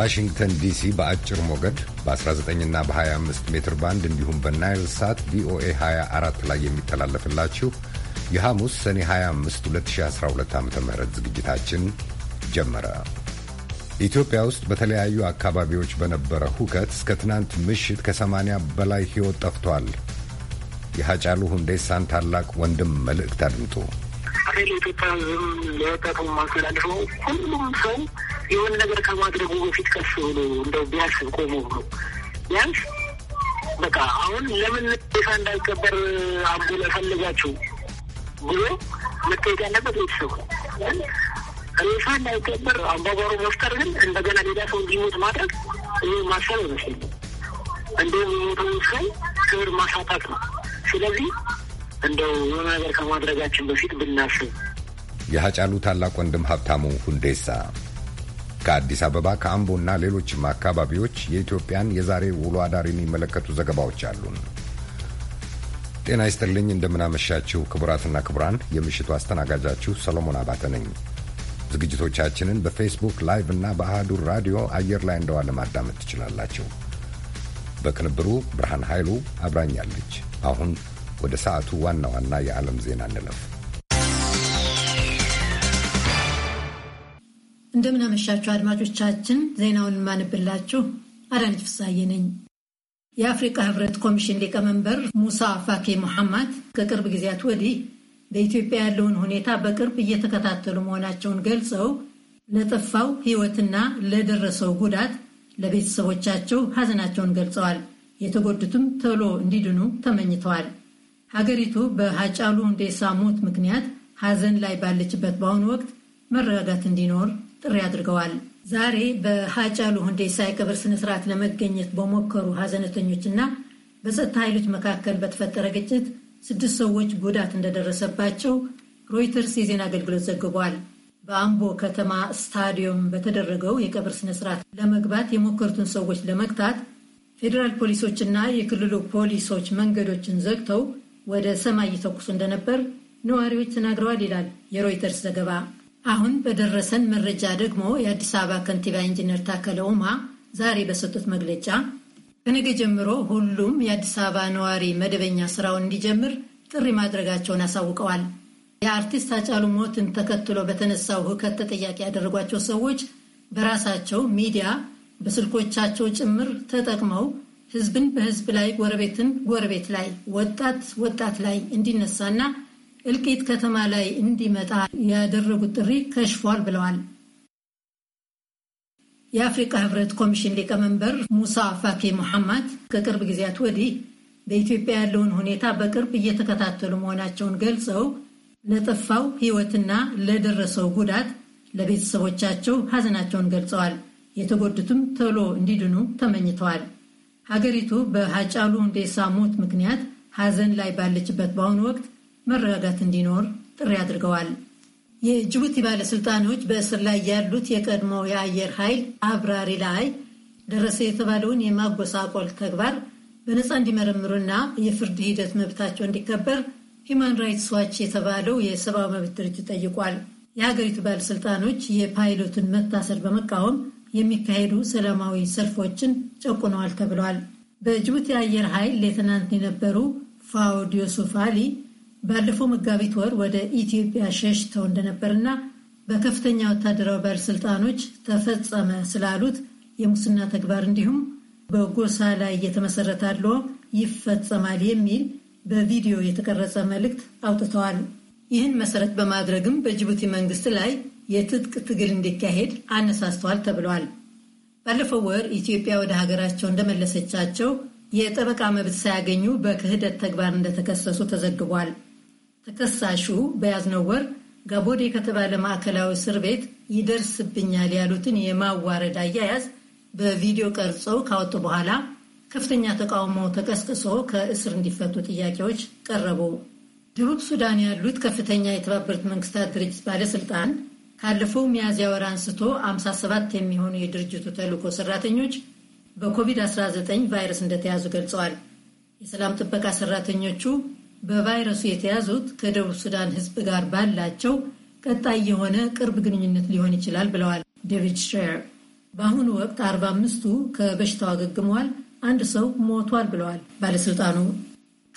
ዋሽንግተን ዲሲ በአጭር ሞገድ በ19ና በ25 ሜትር ባንድ እንዲሁም በናይል ሳት ቪኦኤ 24 ላይ የሚተላለፍላችሁ የሐሙስ ሰኔ 25 2012 ዓ ም ዝግጅታችን ጀመረ። ኢትዮጵያ ውስጥ በተለያዩ አካባቢዎች በነበረ ሁከት እስከ ትናንት ምሽት ከ80 በላይ ሕይወት ጠፍቷል። የሐጫሉ ሁንዴሳን ታላቅ ወንድም መልእክት አድምጡ። ኢትዮጵያ ሕዝብ ለወጣቱ ማስተላልፈው ሁሉም ሰው የሆነ ነገር ከማድረጉ በፊት ከፍ ብሎ እንደው ቢያስብ ቆሞ ብሎ ቢያንስ በቃ አሁን ለምን ሳ እንዳይከበር አቡ ለፈለጋችሁ ብሎ መታየት ያለበት ቤተሰቡ ሬሳ እንዳይቀበር አባባሩ መፍጠር ግን እንደገና ሌላ ሰው እንዲሞት ማድረግ እኔ ማሰብ አይመስለኝም። እንደውም የሞተው ሰው ክብር ማሳጣት ነው። ስለዚህ እንደው የሆነ ነገር ከማድረጋችን በፊት ብናስብ። የሀጫሉ ታላቅ ወንድም ሀብታሙ ሁንዴሳ ከአዲስ አበባ ከአምቦና ሌሎችም አካባቢዎች የኢትዮጵያን የዛሬ ውሎ አዳር የሚመለከቱ ዘገባዎች አሉን። ጤና ይስጥልኝ፣ እንደምናመሻችሁ ክቡራትና ክቡራን፣ የምሽቱ አስተናጋጃችሁ ሰሎሞን አባተ ነኝ። ዝግጅቶቻችንን በፌስቡክ ላይቭ እና በአህዱር ራዲዮ አየር ላይ እንደዋ ለማዳመጥ ትችላላችሁ። በቅንብሩ ብርሃን ኃይሉ አብራኛለች። አሁን ወደ ሰዓቱ ዋና ዋና የዓለም ዜና እንለፍ። እንደምናመሻችሁ አድማጮቻችን፣ ዜናውን ማንብላችሁ አዳነች ፍሳዬ ነኝ። የአፍሪካ ህብረት ኮሚሽን ሊቀመንበር ሙሳ ፋኬ መሐማት ከቅርብ ጊዜያት ወዲህ በኢትዮጵያ ያለውን ሁኔታ በቅርብ እየተከታተሉ መሆናቸውን ገልጸው ለጠፋው ህይወትና ለደረሰው ጉዳት ለቤተሰቦቻቸው ሀዘናቸውን ገልጸዋል። የተጎዱትም ቶሎ እንዲድኑ ተመኝተዋል። ሀገሪቱ በሀጫሉ ሁንዴሳ ሞት ምክንያት ሀዘን ላይ ባለችበት በአሁኑ ወቅት መረጋጋት እንዲኖር ጥሪ አድርገዋል። ዛሬ በሀጫሉ ሁንዴሳ የቀብር ስነስርዓት ለመገኘት በሞከሩ ሀዘነተኞችና በጸጥታ ኃይሎች መካከል በተፈጠረ ግጭት ስድስት ሰዎች ጉዳት እንደደረሰባቸው ሮይተርስ የዜና አገልግሎት ዘግቧል። በአምቦ ከተማ ስታዲየም በተደረገው የቀብር ስነስርዓት ለመግባት የሞከሩትን ሰዎች ለመግታት ፌዴራል ፖሊሶችና የክልሉ ፖሊሶች መንገዶችን ዘግተው ወደ ሰማይ ይተኩሱ እንደነበር ነዋሪዎች ተናግረዋል ይላል የሮይተርስ ዘገባ። አሁን በደረሰን መረጃ ደግሞ የአዲስ አበባ ከንቲባ ኢንጂነር ታከለ ኡማ ዛሬ በሰጡት መግለጫ ከነገ ጀምሮ ሁሉም የአዲስ አበባ ነዋሪ መደበኛ ስራውን እንዲጀምር ጥሪ ማድረጋቸውን አሳውቀዋል። የአርቲስት አጫሉ ሞትን ተከትሎ በተነሳው ሁከት ተጠያቂ ያደረጓቸው ሰዎች በራሳቸው ሚዲያ በስልኮቻቸው ጭምር ተጠቅመው ህዝብን በህዝብ ላይ፣ ጎረቤትን ጎረቤት ላይ፣ ወጣት ወጣት ላይ እንዲነሳና እልቂት ከተማ ላይ እንዲመጣ ያደረጉት ጥሪ ከሽፏል ብለዋል። የአፍሪካ ህብረት ኮሚሽን ሊቀመንበር ሙሳ ፋኬ ሙሐማድ ከቅርብ ጊዜያት ወዲህ በኢትዮጵያ ያለውን ሁኔታ በቅርብ እየተከታተሉ መሆናቸውን ገልጸው ለጠፋው ህይወትና ለደረሰው ጉዳት ለቤተሰቦቻቸው ሀዘናቸውን ገልጸዋል። የተጎዱትም ቶሎ እንዲድኑ ተመኝተዋል። ሀገሪቱ በሀጫሉ ሁንዴሳ ሞት ምክንያት ሀዘን ላይ ባለችበት በአሁኑ ወቅት መረጋጋት እንዲኖር ጥሪ አድርገዋል። የጅቡቲ ባለስልጣኖች በእስር ላይ ያሉት የቀድሞ የአየር ኃይል አብራሪ ላይ ደረሰ የተባለውን የማጎሳቆል ተግባር በነፃ እንዲመረምሩና የፍርድ ሂደት መብታቸው እንዲከበር ሂማን ራይትስ ዋች የተባለው የሰብአዊ መብት ድርጅት ጠይቋል። የሀገሪቱ ባለስልጣኖች የፓይሎቱን መታሰር በመቃወም የሚካሄዱ ሰላማዊ ሰልፎችን ጨቁነዋል ተብሏል። በጅቡቲ አየር ኃይል ሌተናንት የነበሩ ፋውድ ዮሱፍ አሊ ባለፈው መጋቢት ወር ወደ ኢትዮጵያ ሸሽተው እንደነበርና በከፍተኛ ወታደራዊ ባለስልጣኖች ተፈጸመ ስላሉት የሙስና ተግባር እንዲሁም በጎሳ ላይ እየተመሰረተ አድልዎ ይፈጸማል የሚል በቪዲዮ የተቀረጸ መልእክት አውጥተዋል። ይህን መሰረት በማድረግም በጅቡቲ መንግስት ላይ የትጥቅ ትግል እንዲካሄድ አነሳስተዋል ተብሏል። ባለፈው ወር ኢትዮጵያ ወደ ሀገራቸው እንደመለሰቻቸው የጠበቃ መብት ሳያገኙ በክህደት ተግባር እንደተከሰሱ ተዘግቧል። ተከሳሹ በያዝነው ወር ጋቦዴ ከተባለ ማዕከላዊ እስር ቤት ይደርስብኛል ያሉትን የማዋረድ አያያዝ በቪዲዮ ቀርጸው ካወጡ በኋላ ከፍተኛ ተቃውሞ ተቀስቅሶ ከእስር እንዲፈቱ ጥያቄዎች ቀረቡ። ደቡብ ሱዳን ያሉት ከፍተኛ የተባበሩት መንግስታት ድርጅት ባለስልጣን ካለፈው ሚያዝያ ወር አንስቶ 57 የሚሆኑ የድርጅቱ ተልዕኮ ሰራተኞች በኮቪድ-19 ቫይረስ እንደተያዙ ገልጸዋል። የሰላም ጥበቃ ሰራተኞቹ በቫይረሱ የተያዙት ከደቡብ ሱዳን ህዝብ ጋር ባላቸው ቀጣይ የሆነ ቅርብ ግንኙነት ሊሆን ይችላል ብለዋል ዴቪድ ሽሬር። በአሁኑ ወቅት አርባ አምስቱ ከበሽታው አገግመዋል፣ አንድ ሰው ሞቷል ብለዋል ባለስልጣኑ።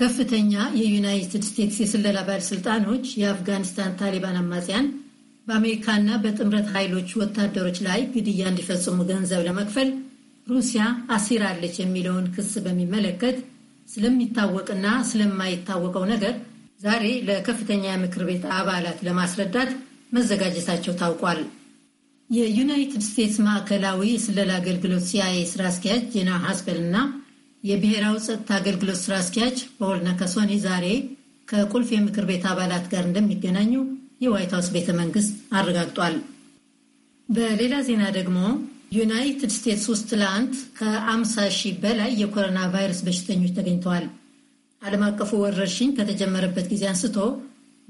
ከፍተኛ የዩናይትድ ስቴትስ የስለላ ባለስልጣኖች የአፍጋኒስታን ታሊባን አማጽያን በአሜሪካና በጥምረት ኃይሎች ወታደሮች ላይ ግድያ እንዲፈጽሙ ገንዘብ ለመክፈል ሩሲያ አሲራለች የሚለውን ክስ በሚመለከት ስለሚታወቅና ስለማይታወቀው ነገር ዛሬ ለከፍተኛ ምክር ቤት አባላት ለማስረዳት መዘጋጀታቸው ታውቋል። የዩናይትድ ስቴትስ ማዕከላዊ የስለላ አገልግሎት ሲአይኤ ስራ አስኪያጅ ጄና ሃስፐል እና የብሔራዊ ጸጥታ አገልግሎት ስራ አስኪያጅ ፖል ዛሬ ከቁልፍ የምክር ቤት አባላት ጋር እንደሚገናኙ የዋይት ሀውስ ቤተ መንግስት አረጋግጧል። በሌላ ዜና ደግሞ ዩናይትድ ስቴትስ ውስጥ ትላንት ከ50 ሺህ በላይ የኮሮና ቫይረስ በሽተኞች ተገኝተዋል። ዓለም አቀፉ ወረርሽኝ ከተጀመረበት ጊዜ አንስቶ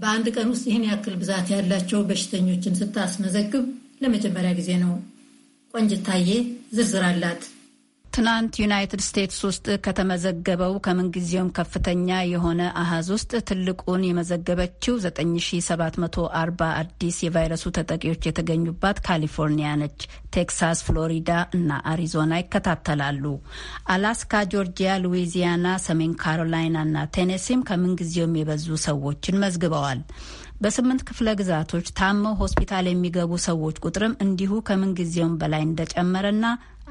በአንድ ቀን ውስጥ ይህን ያክል ብዛት ያላቸው በሽተኞችን ስታስመዘግብ ለመጀመሪያ ጊዜ ነው። ቆንጅታዬ ዝርዝር አላት። ትናንት ዩናይትድ ስቴትስ ውስጥ ከተመዘገበው ከምንጊዜውም ከፍተኛ የሆነ አሀዝ ውስጥ ትልቁን የመዘገበችው 9740 አዲስ የቫይረሱ ተጠቂዎች የተገኙባት ካሊፎርኒያ ነች። ቴክሳስ፣ ፍሎሪዳ እና አሪዞና ይከታተላሉ። አላስካ፣ ጆርጂያ፣ ሉዊዚያና፣ ሰሜን ካሮላይና እና ቴኔሲም ከምንጊዜውም የበዙ ሰዎችን መዝግበዋል። በስምንት ክፍለ ግዛቶች ታመው ሆስፒታል የሚገቡ ሰዎች ቁጥርም እንዲሁ ከምንጊዜውም በላይ እንደጨመረና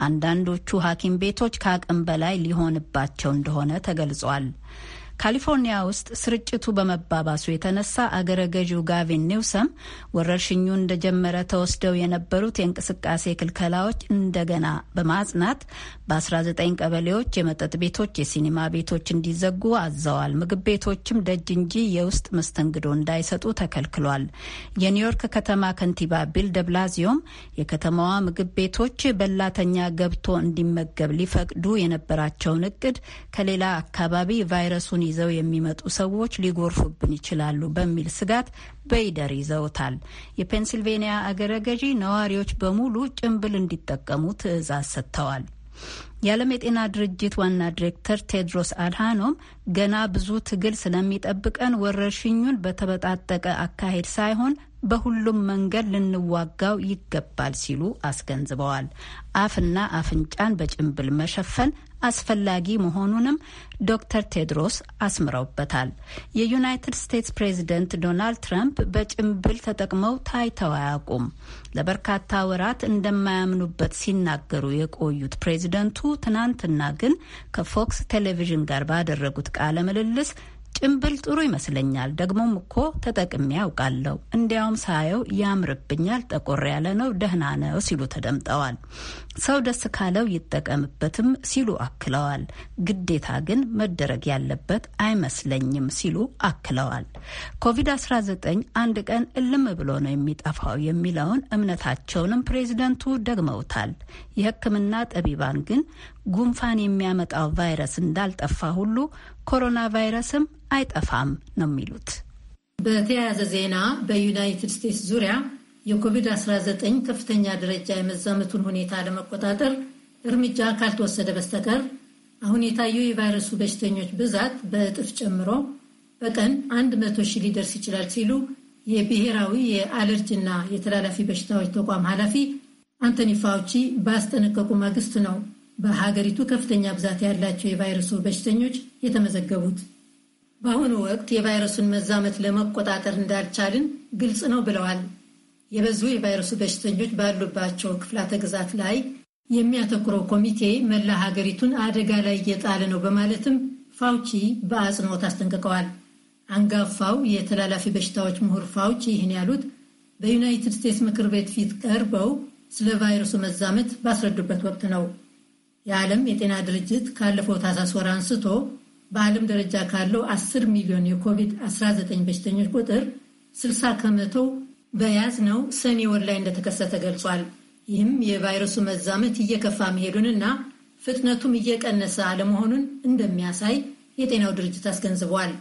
አንዳንዶቹ ሐኪም ቤቶች ከአቅም በላይ ሊሆንባቸው እንደሆነ ተገልጿል። ካሊፎርኒያ ውስጥ ስርጭቱ በመባባሱ የተነሳ አገረ ገዢው ጋቪን ኒውሰም ወረርሽኙ እንደጀመረ ተወስደው የነበሩት የእንቅስቃሴ ክልከላዎች እንደገና በማጽናት በ19 ቀበሌዎች የመጠጥ ቤቶች፣ የሲኒማ ቤቶች እንዲዘጉ አዘዋል። ምግብ ቤቶችም ደጅ እንጂ የውስጥ መስተንግዶ እንዳይሰጡ ተከልክሏል። የኒውዮርክ ከተማ ከንቲባ ቢል ደብላዚዮም የከተማዋ ምግብ ቤቶች በላተኛ ገብቶ እንዲመገብ ሊፈቅዱ የነበራቸውን እቅድ ከሌላ አካባቢ ቫይረሱን ችግሩን ይዘው የሚመጡ ሰዎች ሊጎርፉብን ይችላሉ በሚል ስጋት በይደር ይዘውታል። የፔንሲልቬንያ አገረ ገዢ ነዋሪዎች በሙሉ ጭንብል እንዲጠቀሙ ትዕዛዝ ሰጥተዋል። የዓለም የጤና ድርጅት ዋና ዲሬክተር ቴድሮስ አድሃኖም ገና ብዙ ትግል ስለሚጠብቀን ወረርሽኙን በተበጣጠቀ አካሄድ ሳይሆን በሁሉም መንገድ ልንዋጋው ይገባል ሲሉ አስገንዝበዋል። አፍና አፍንጫን በጭንብል መሸፈን አስፈላጊ መሆኑንም ዶክተር ቴድሮስ አስምረውበታል። የዩናይትድ ስቴትስ ፕሬዝደንት ዶናልድ ትራምፕ በጭንብል ተጠቅመው ታይተው አያውቁም። ለበርካታ ወራት እንደማያምኑበት ሲናገሩ የቆዩት ፕሬዝደንቱ ትናንትና ግን ከፎክስ ቴሌቪዥን ጋር ባደረጉት ቃለ ምልልስ ጭምብል ጥሩ ይመስለኛል። ደግሞም እኮ ተጠቅሜ ያውቃለሁ። እንዲያውም ሳየው ያምርብኛል፣ ጠቆር ያለ ነው፣ ደህና ነው ሲሉ ተደምጠዋል። ሰው ደስ ካለው ይጠቀምበትም ሲሉ አክለዋል። ግዴታ ግን መደረግ ያለበት አይመስለኝም ሲሉ አክለዋል። ኮቪድ-19 አንድ ቀን እልም ብሎ ነው የሚጠፋው የሚለውን እምነታቸውንም ፕሬዚደንቱ ደግመውታል። የሕክምና ጠቢባን ግን ጉንፋን የሚያመጣው ቫይረስ እንዳልጠፋ ሁሉ ኮሮና ቫይረስም አይጠፋም ነው የሚሉት። በተያያዘ ዜና በዩናይትድ ስቴትስ ዙሪያ የኮቪድ-19 ከፍተኛ ደረጃ የመዛመቱን ሁኔታ ለመቆጣጠር እርምጃ ካልተወሰደ በስተቀር አሁን የታየው የቫይረሱ በሽተኞች ብዛት በእጥፍ ጨምሮ በቀን 100 ሺህ ሊደርስ ይችላል ሲሉ የብሔራዊ የአለርጂና የተላላፊ በሽታዎች ተቋም ኃላፊ አንቶኒ ፋውቺ ባስጠነቀቁ ማግስት ነው በሀገሪቱ ከፍተኛ ብዛት ያላቸው የቫይረሱ በሽተኞች የተመዘገቡት። በአሁኑ ወቅት የቫይረሱን መዛመት ለመቆጣጠር እንዳልቻልን ግልጽ ነው ብለዋል። የበዙ የቫይረሱ በሽተኞች ባሉባቸው ክፍላተ ግዛት ላይ የሚያተኩረው ኮሚቴ መላ ሀገሪቱን አደጋ ላይ እየጣለ ነው በማለትም ፋውቺ በአጽንኦት አስጠንቅቀዋል። አንጋፋው የተላላፊ በሽታዎች ምሁር ፋውቺ ይህን ያሉት በዩናይትድ ስቴትስ ምክር ቤት ፊት ቀርበው ስለ ቫይረሱ መዛመት ባስረዱበት ወቅት ነው። የዓለም የጤና ድርጅት ካለፈው ታህሳስ ወር አንስቶ በዓለም ደረጃ ካለው 10 ሚሊዮን የኮቪድ-19 በሽተኞች ቁጥር 60 በያዝ በያዝነው ሰኔ ወር ላይ እንደተከሰተ ገልጿል። ይህም የቫይረሱ መዛመት እየከፋ መሄዱንና ፍጥነቱም እየቀነሰ አለመሆኑን እንደሚያሳይ የጤናው ድርጅት አስገንዝቧል።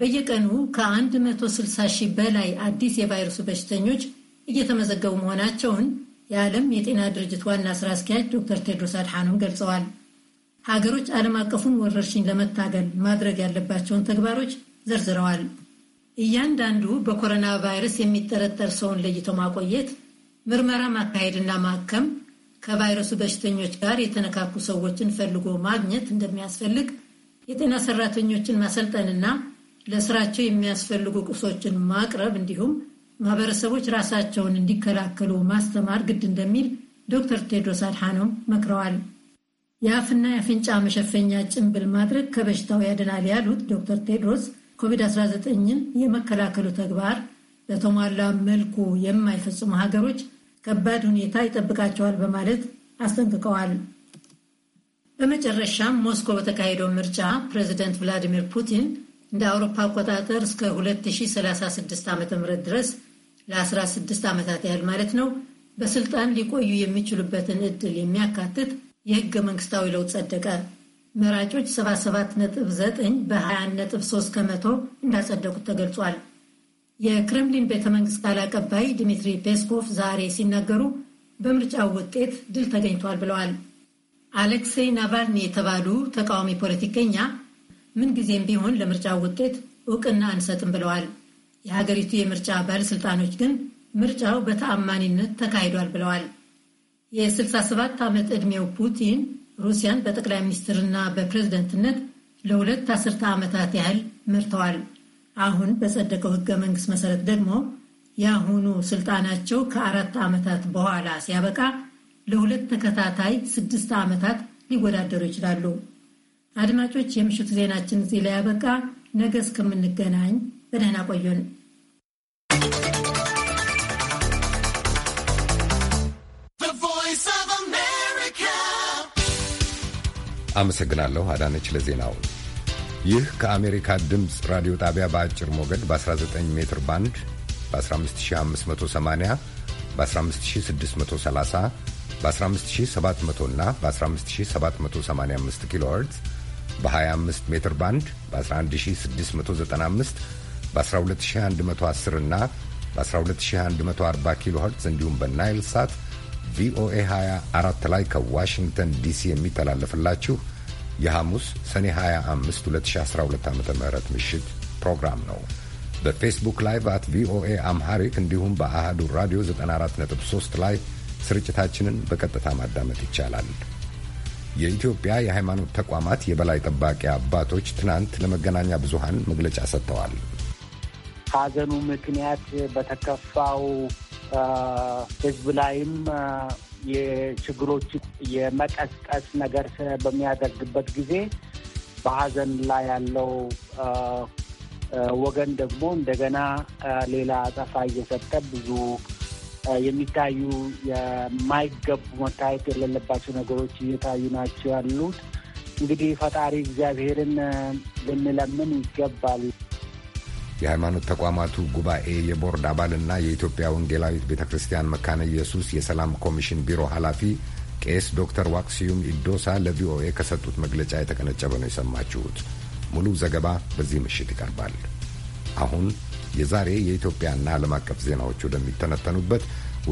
በየቀኑ ከ160 ሺህ በላይ አዲስ የቫይረሱ በሽተኞች እየተመዘገቡ መሆናቸውን የዓለም የጤና ድርጅት ዋና ስራ አስኪያጅ ዶክተር ቴድሮስ አድሓኖም ገልጸዋል። ሀገሮች ዓለም አቀፉን ወረርሽኝ ለመታገል ማድረግ ያለባቸውን ተግባሮች ዘርዝረዋል። እያንዳንዱ በኮሮና ቫይረስ የሚጠረጠር ሰውን ለይቶ ማቆየት፣ ምርመራ ማካሄድና ማከም፣ ከቫይረሱ በሽተኞች ጋር የተነካኩ ሰዎችን ፈልጎ ማግኘት እንደሚያስፈልግ፣ የጤና ሰራተኞችን ማሰልጠንና ለስራቸው የሚያስፈልጉ ቁሶችን ማቅረብ እንዲሁም ማህበረሰቦች ራሳቸውን እንዲከላከሉ ማስተማር ግድ እንደሚል ዶክተር ቴድሮስ አድሓኖም መክረዋል። የአፍና የአፍንጫ መሸፈኛ ጭንብል ማድረግ ከበሽታው ያድናል ያሉት ዶክተር ቴድሮስ ኮቪድ-19ን የመከላከሉ ተግባር በተሟላ መልኩ የማይፈጽሙ ሀገሮች ከባድ ሁኔታ ይጠብቃቸዋል በማለት አስጠንቅቀዋል። በመጨረሻም ሞስኮ በተካሄደው ምርጫ ፕሬዚደንት ቭላዲሚር ፑቲን እንደ አውሮፓ አቆጣጠር እስከ 2036 ዓ.ም ድረስ ለ16 ዓመታት ያህል ማለት ነው በስልጣን ሊቆዩ የሚችሉበትን እድል የሚያካትት የህገ መንግስታዊ ለውጥ ጸደቀ። መራጮች 77.9 በ21.3 ከመቶ እንዳጸደቁት ተገልጿል። የክሬምሊን ቤተመንግስት ቃል አቀባይ ድሚትሪ ፔስኮቭ ዛሬ ሲናገሩ በምርጫው ውጤት ድል ተገኝቷል ብለዋል። አሌክሴይ ናቫልኒ የተባሉ ተቃዋሚ ፖለቲከኛ ምንጊዜም ቢሆን ለምርጫው ውጤት እውቅና አንሰጥም ብለዋል። የሀገሪቱ የምርጫ ባለስልጣኖች ግን ምርጫው በተአማኒነት ተካሂዷል ብለዋል። የ67 ዓመት ዕድሜው ፑቲን ሩሲያን በጠቅላይ ሚኒስትርና በፕሬዝደንትነት ለሁለት አስርተ ዓመታት ያህል መርተዋል። አሁን በጸደቀው ህገ መንግስት መሰረት ደግሞ የአሁኑ ስልጣናቸው ከአራት ዓመታት በኋላ ሲያበቃ ለሁለት ተከታታይ ስድስት ዓመታት ሊወዳደሩ ይችላሉ። አድማጮች፣ የምሽቱ ዜናችን እዚህ ላይ ያበቃ። ነገ እስከምንገናኝ በደህና ቆዩን። አመሰግናለሁ አዳነች ለዜናው። ይህ ከአሜሪካ ድምፅ ራዲዮ ጣቢያ በአጭር ሞገድ በ19 ሜትር ባንድ በ15580 በ15630 በ15700 እና በ15785 ኪሎ ሄርዝ በ25 ሜትር ባንድ በ11695 በ12110 እና በ12140 ኪሎ እንዲሁም በናይል ሳት ቪኦኤ 24 ላይ ከዋሽንግተን ዲሲ የሚተላለፍላችሁ የሐሙስ ሰኔ 25 2012 ዓ ም ምሽት ፕሮግራም ነው። በፌስቡክ ላይቭ አት ቪኦኤ አምሃሪክ እንዲሁም በአህዱ ራዲዮ 943 ላይ ስርጭታችንን በቀጥታ ማዳመጥ ይቻላል። የኢትዮጵያ የሃይማኖት ተቋማት የበላይ ጠባቂ አባቶች ትናንት ለመገናኛ ብዙሃን መግለጫ ሰጥተዋል። ሀዘኑ ምክንያት በተከፋው ህዝብ ላይም የችግሮች የመቀስቀስ ነገር በሚያደርግበት ጊዜ በሀዘን ላይ ያለው ወገን ደግሞ እንደገና ሌላ አጸፋ እየሰጠ ብዙ የሚታዩ የማይገቡ መታየት የሌለባቸው ነገሮች እየታዩ ናቸው ያሉት። እንግዲህ ፈጣሪ እግዚአብሔርን ልንለምን ይገባል። የሃይማኖት ተቋማቱ ጉባኤ የቦርድ አባልና የኢትዮጵያ ወንጌላዊት ቤተ ክርስቲያን መካነ ኢየሱስ የሰላም ኮሚሽን ቢሮ ኃላፊ ቄስ ዶክተር ዋክሲዩም ኢዶሳ ለቪኦኤ ከሰጡት መግለጫ የተቀነጨበ ነው የሰማችሁት። ሙሉ ዘገባ በዚህ ምሽት ይቀርባል። አሁን የዛሬ የኢትዮጵያና ዓለም አቀፍ ዜናዎች ወደሚተነተኑበት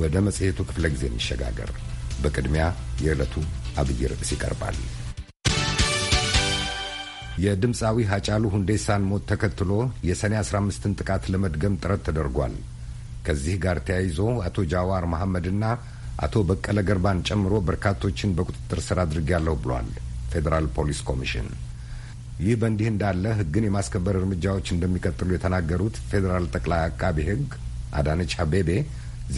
ወደ መጽሔቱ ክፍለ ጊዜ እንሸጋገር። በቅድሚያ የዕለቱ አብይ ርዕስ ይቀርባል። የድምፃዊ ሀጫሉ ሁንዴሳን ሞት ተከትሎ የሰኔ 15ን ጥቃት ለመድገም ጥረት ተደርጓል። ከዚህ ጋር ተያይዞ አቶ ጃዋር መሐመድና አቶ በቀለ ገርባን ጨምሮ በርካቶችን በቁጥጥር ስር አድርጌያለሁ ብሏል ፌዴራል ፖሊስ ኮሚሽን። ይህ በእንዲህ እንዳለ ሕግን የማስከበር እርምጃዎች እንደሚቀጥሉ የተናገሩት ፌዴራል ጠቅላይ አቃቤ ሕግ አዳነች አቤቤ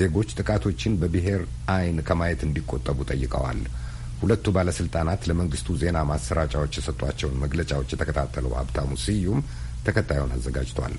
ዜጎች ጥቃቶችን በብሔር አይን ከማየት እንዲቆጠቡ ጠይቀዋል። ሁለቱ ባለስልጣናት ለመንግስቱ ዜና ማሰራጫዎች የሰጧቸውን መግለጫዎች የተከታተለው ሀብታሙ ስዩም ተከታዩን አዘጋጅቷል።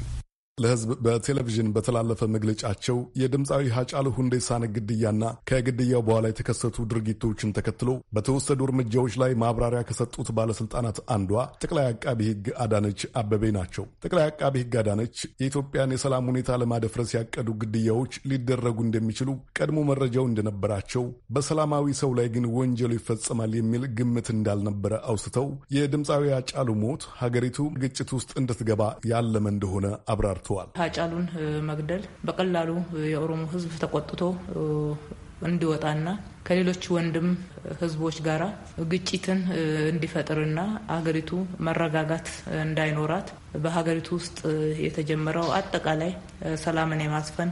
ለህዝብ በቴሌቪዥን በተላለፈ መግለጫቸው የድምፃዊ ሀጫሉ ሁንዴሳን ግድያና ከግድያው በኋላ የተከሰቱ ድርጊቶችን ተከትሎ በተወሰዱ እርምጃዎች ላይ ማብራሪያ ከሰጡት ባለስልጣናት አንዷ ጠቅላይ አቃቢ ህግ አዳነች አበቤ ናቸው። ጠቅላይ አቃቢ ህግ አዳነች የኢትዮጵያን የሰላም ሁኔታ ለማደፍረስ ያቀዱ ግድያዎች ሊደረጉ እንደሚችሉ ቀድሞ መረጃው እንደነበራቸው፣ በሰላማዊ ሰው ላይ ግን ወንጀሉ ይፈጸማል የሚል ግምት እንዳልነበረ አውስተው የድምፃዊ ሀጫሉ ሞት ሀገሪቱ ግጭት ውስጥ እንድትገባ ያለመ እንደሆነ አብራር አብራርተዋል። ሀጫሉን መግደል በቀላሉ የኦሮሞ ህዝብ ተቆጥቶ እንዲወጣና ከሌሎች ወንድም ህዝቦች ጋር ግጭትን እንዲፈጥርና አገሪቱ መረጋጋት እንዳይኖራት በሀገሪቱ ውስጥ የተጀመረው አጠቃላይ ሰላምን የማስፈን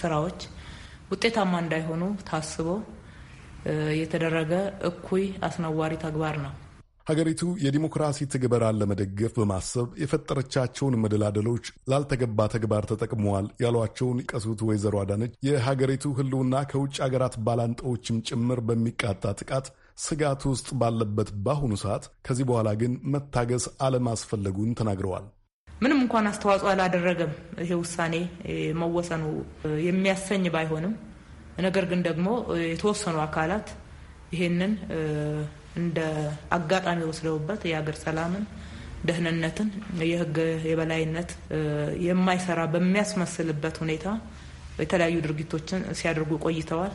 ስራዎች ውጤታማ እንዳይሆኑ ታስቦ የተደረገ እኩይ አስነዋሪ ተግባር ነው። ሀገሪቱ የዲሞክራሲ ትግበራን ለመደገፍ በማሰብ የፈጠረቻቸውን መደላደሎች ላልተገባ ተግባር ተጠቅመዋል ያሏቸውን ቀሱት ወይዘሮ አዳነች የሀገሪቱ ሕልውና ከውጭ ሀገራት ባላንጣዎችም ጭምር በሚቃጣ ጥቃት ስጋት ውስጥ ባለበት በአሁኑ ሰዓት ከዚህ በኋላ ግን መታገስ አለማስፈለጉን ተናግረዋል። ምንም እንኳን አስተዋጽኦ አላደረገም ይሄ ውሳኔ መወሰኑ የሚያሰኝ ባይሆንም፣ ነገር ግን ደግሞ የተወሰኑ አካላት ይሄንን እንደ አጋጣሚ ወስደውበት የሀገር ሰላምን፣ ደህንነትን፣ የህግ የበላይነት የማይሰራ በሚያስመስልበት ሁኔታ የተለያዩ ድርጊቶችን ሲያደርጉ ቆይተዋል።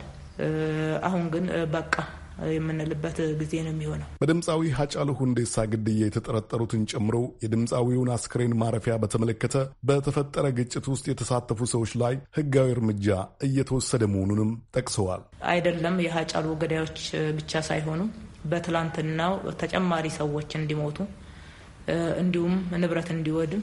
አሁን ግን በቃ የምንልበት ጊዜ ነው የሚሆነው። በድምፃዊ ሀጫሉ ሁንዴሳ ግድያ የተጠረጠሩትን ጨምሮ የድምፃዊውን አስክሬን ማረፊያ በተመለከተ በተፈጠረ ግጭት ውስጥ የተሳተፉ ሰዎች ላይ ህጋዊ እርምጃ እየተወሰደ መሆኑንም ጠቅሰዋል። አይደለም የሀጫሉ ገዳዮች ብቻ ሳይሆኑ በትላንትናው ተጨማሪ ሰዎች እንዲሞቱ እንዲሁም ንብረት እንዲወድም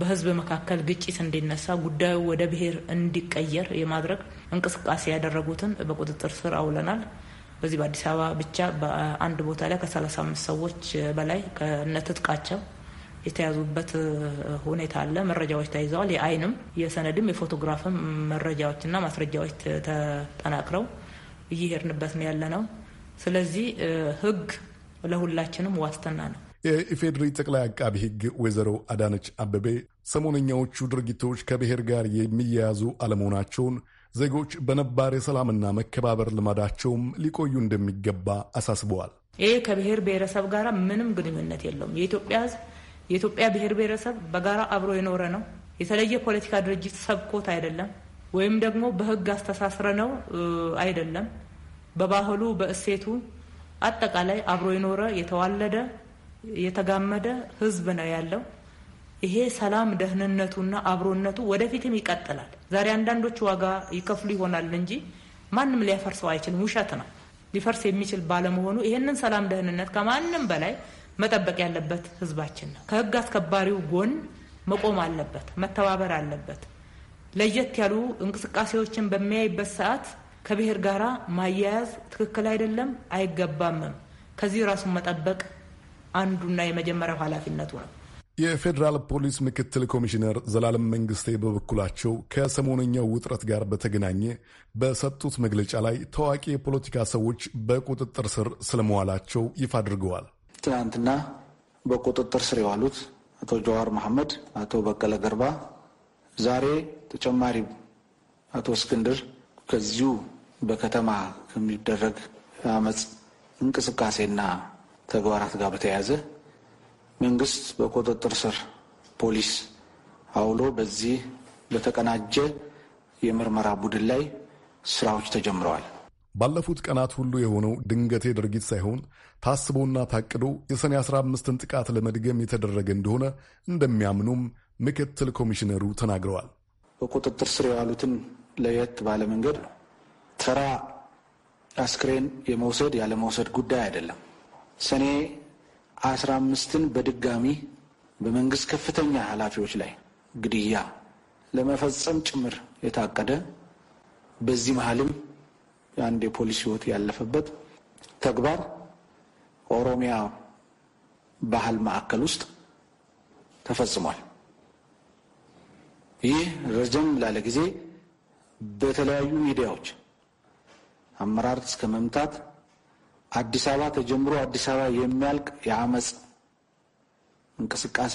በህዝብ መካከል ግጭት እንዲነሳ ጉዳዩ ወደ ብሔር እንዲቀየር የማድረግ እንቅስቃሴ ያደረጉትን በቁጥጥር ስር አውለናል። በዚህ በአዲስ አበባ ብቻ በአንድ ቦታ ላይ ከ35 ሰዎች በላይ ከነትጥቃቸው የተያዙበት ሁኔታ አለ። መረጃዎች ተይዘዋል። የአይንም የሰነድም የፎቶግራፍም መረጃዎችና ማስረጃዎች ተጠናክረው እየሄድንበት ነው ያለ ነው። ስለዚህ ህግ ለሁላችንም ዋስትና ነው። የኢፌዴሪ ጠቅላይ አቃቢ ህግ ወይዘሮ አዳነች አበቤ ሰሞነኛዎቹ ድርጊቶች ከብሔር ጋር የሚያያዙ አለመሆናቸውን ዜጎች በነባር የሰላምና መከባበር ልማዳቸውም ሊቆዩ እንደሚገባ አሳስበዋል። ይህ ከብሔር ብሔረሰብ ጋር ምንም ግንኙነት የለውም። የኢትዮጵያ ህዝብ የኢትዮጵያ ብሔር ብሔረሰብ በጋራ አብሮ የኖረ ነው። የተለየ ፖለቲካ ድርጅት ሰብኮት አይደለም፣ ወይም ደግሞ በህግ አስተሳስረ ነው አይደለም። በባህሉ በእሴቱ አጠቃላይ አብሮ የኖረ የተዋለደ የተጋመደ ህዝብ ነው ያለው። ይሄ ሰላም ደህንነቱና አብሮነቱ ወደፊትም ይቀጥላል። ዛሬ አንዳንዶቹ ዋጋ ይከፍሉ ይሆናል እንጂ ማንም ሊያፈርሰው አይችልም። ውሸት ነው። ሊፈርስ የሚችል ባለመሆኑ ይህንን ሰላም ደህንነት ከማንም በላይ መጠበቅ ያለበት ህዝባችን ነው። ከህግ አስከባሪው ጎን መቆም አለበት፣ መተባበር አለበት። ለየት ያሉ እንቅስቃሴዎችን በሚያይበት ሰዓት ከብሔር ጋር ማያያዝ ትክክል አይደለም፣ አይገባምም። ከዚህ ራሱን መጠበቅ አንዱና የመጀመሪያው ኃላፊነቱ ነው። የፌዴራል ፖሊስ ምክትል ኮሚሽነር ዘላለም መንግስቴ በበኩላቸው ከሰሞነኛው ውጥረት ጋር በተገናኘ በሰጡት መግለጫ ላይ ታዋቂ የፖለቲካ ሰዎች በቁጥጥር ስር ስለመዋላቸው ይፋ አድርገዋል። ትናንትና በቁጥጥር ስር የዋሉት አቶ ጀዋር መሐመድ፣ አቶ በቀለ ገርባ፣ ዛሬ ተጨማሪ አቶ እስክንድር ከዚሁ በከተማ ከሚደረግ አመፅ እንቅስቃሴና ተግባራት ጋር በተያያዘ መንግስት በቁጥጥር ስር ፖሊስ አውሎ በዚህ በተቀናጀ የምርመራ ቡድን ላይ ስራዎች ተጀምረዋል። ባለፉት ቀናት ሁሉ የሆነው ድንገቴ ድርጊት ሳይሆን ታስቦና ታቅዶ የሰኔ 15ን ጥቃት ለመድገም የተደረገ እንደሆነ እንደሚያምኑም ምክትል ኮሚሽነሩ ተናግረዋል። በቁጥጥር ስር የዋሉትን ለየት ባለ መንገድ ነው ተራ አስክሬን የመውሰድ ያለመውሰድ ጉዳይ አይደለም። ሰኔ አስራ አምስትን በድጋሚ በመንግስት ከፍተኛ ኃላፊዎች ላይ ግድያ ለመፈጸም ጭምር የታቀደ በዚህ መሀልም አንድ የፖሊስ ህይወት ያለፈበት ተግባር ኦሮሚያ ባህል ማዕከል ውስጥ ተፈጽሟል። ይህ ረጀም ላለ ጊዜ በተለያዩ ሚዲያዎች አመራር እስከ መምታት አዲስ አበባ ተጀምሮ አዲስ አበባ የሚያልቅ የአመፅ እንቅስቃሴ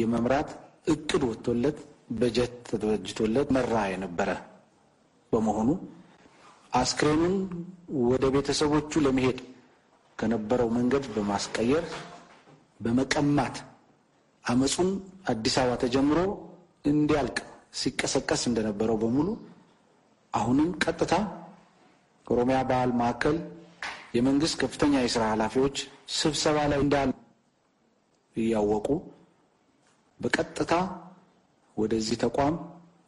የመምራት እቅድ ወጥቶለት በጀት ተበጅቶለት መራ የነበረ በመሆኑ አስክሬኑን ወደ ቤተሰቦቹ ለመሄድ ከነበረው መንገድ በማስቀየር በመቀማት አመፁን አዲስ አበባ ተጀምሮ እንዲያልቅ ሲቀሰቀስ እንደነበረው በሙሉ አሁንም ቀጥታ ከኦሮሚያ ባህል ማዕከል የመንግስት ከፍተኛ የስራ ኃላፊዎች ስብሰባ ላይ እንዳሉ እያወቁ በቀጥታ ወደዚህ ተቋም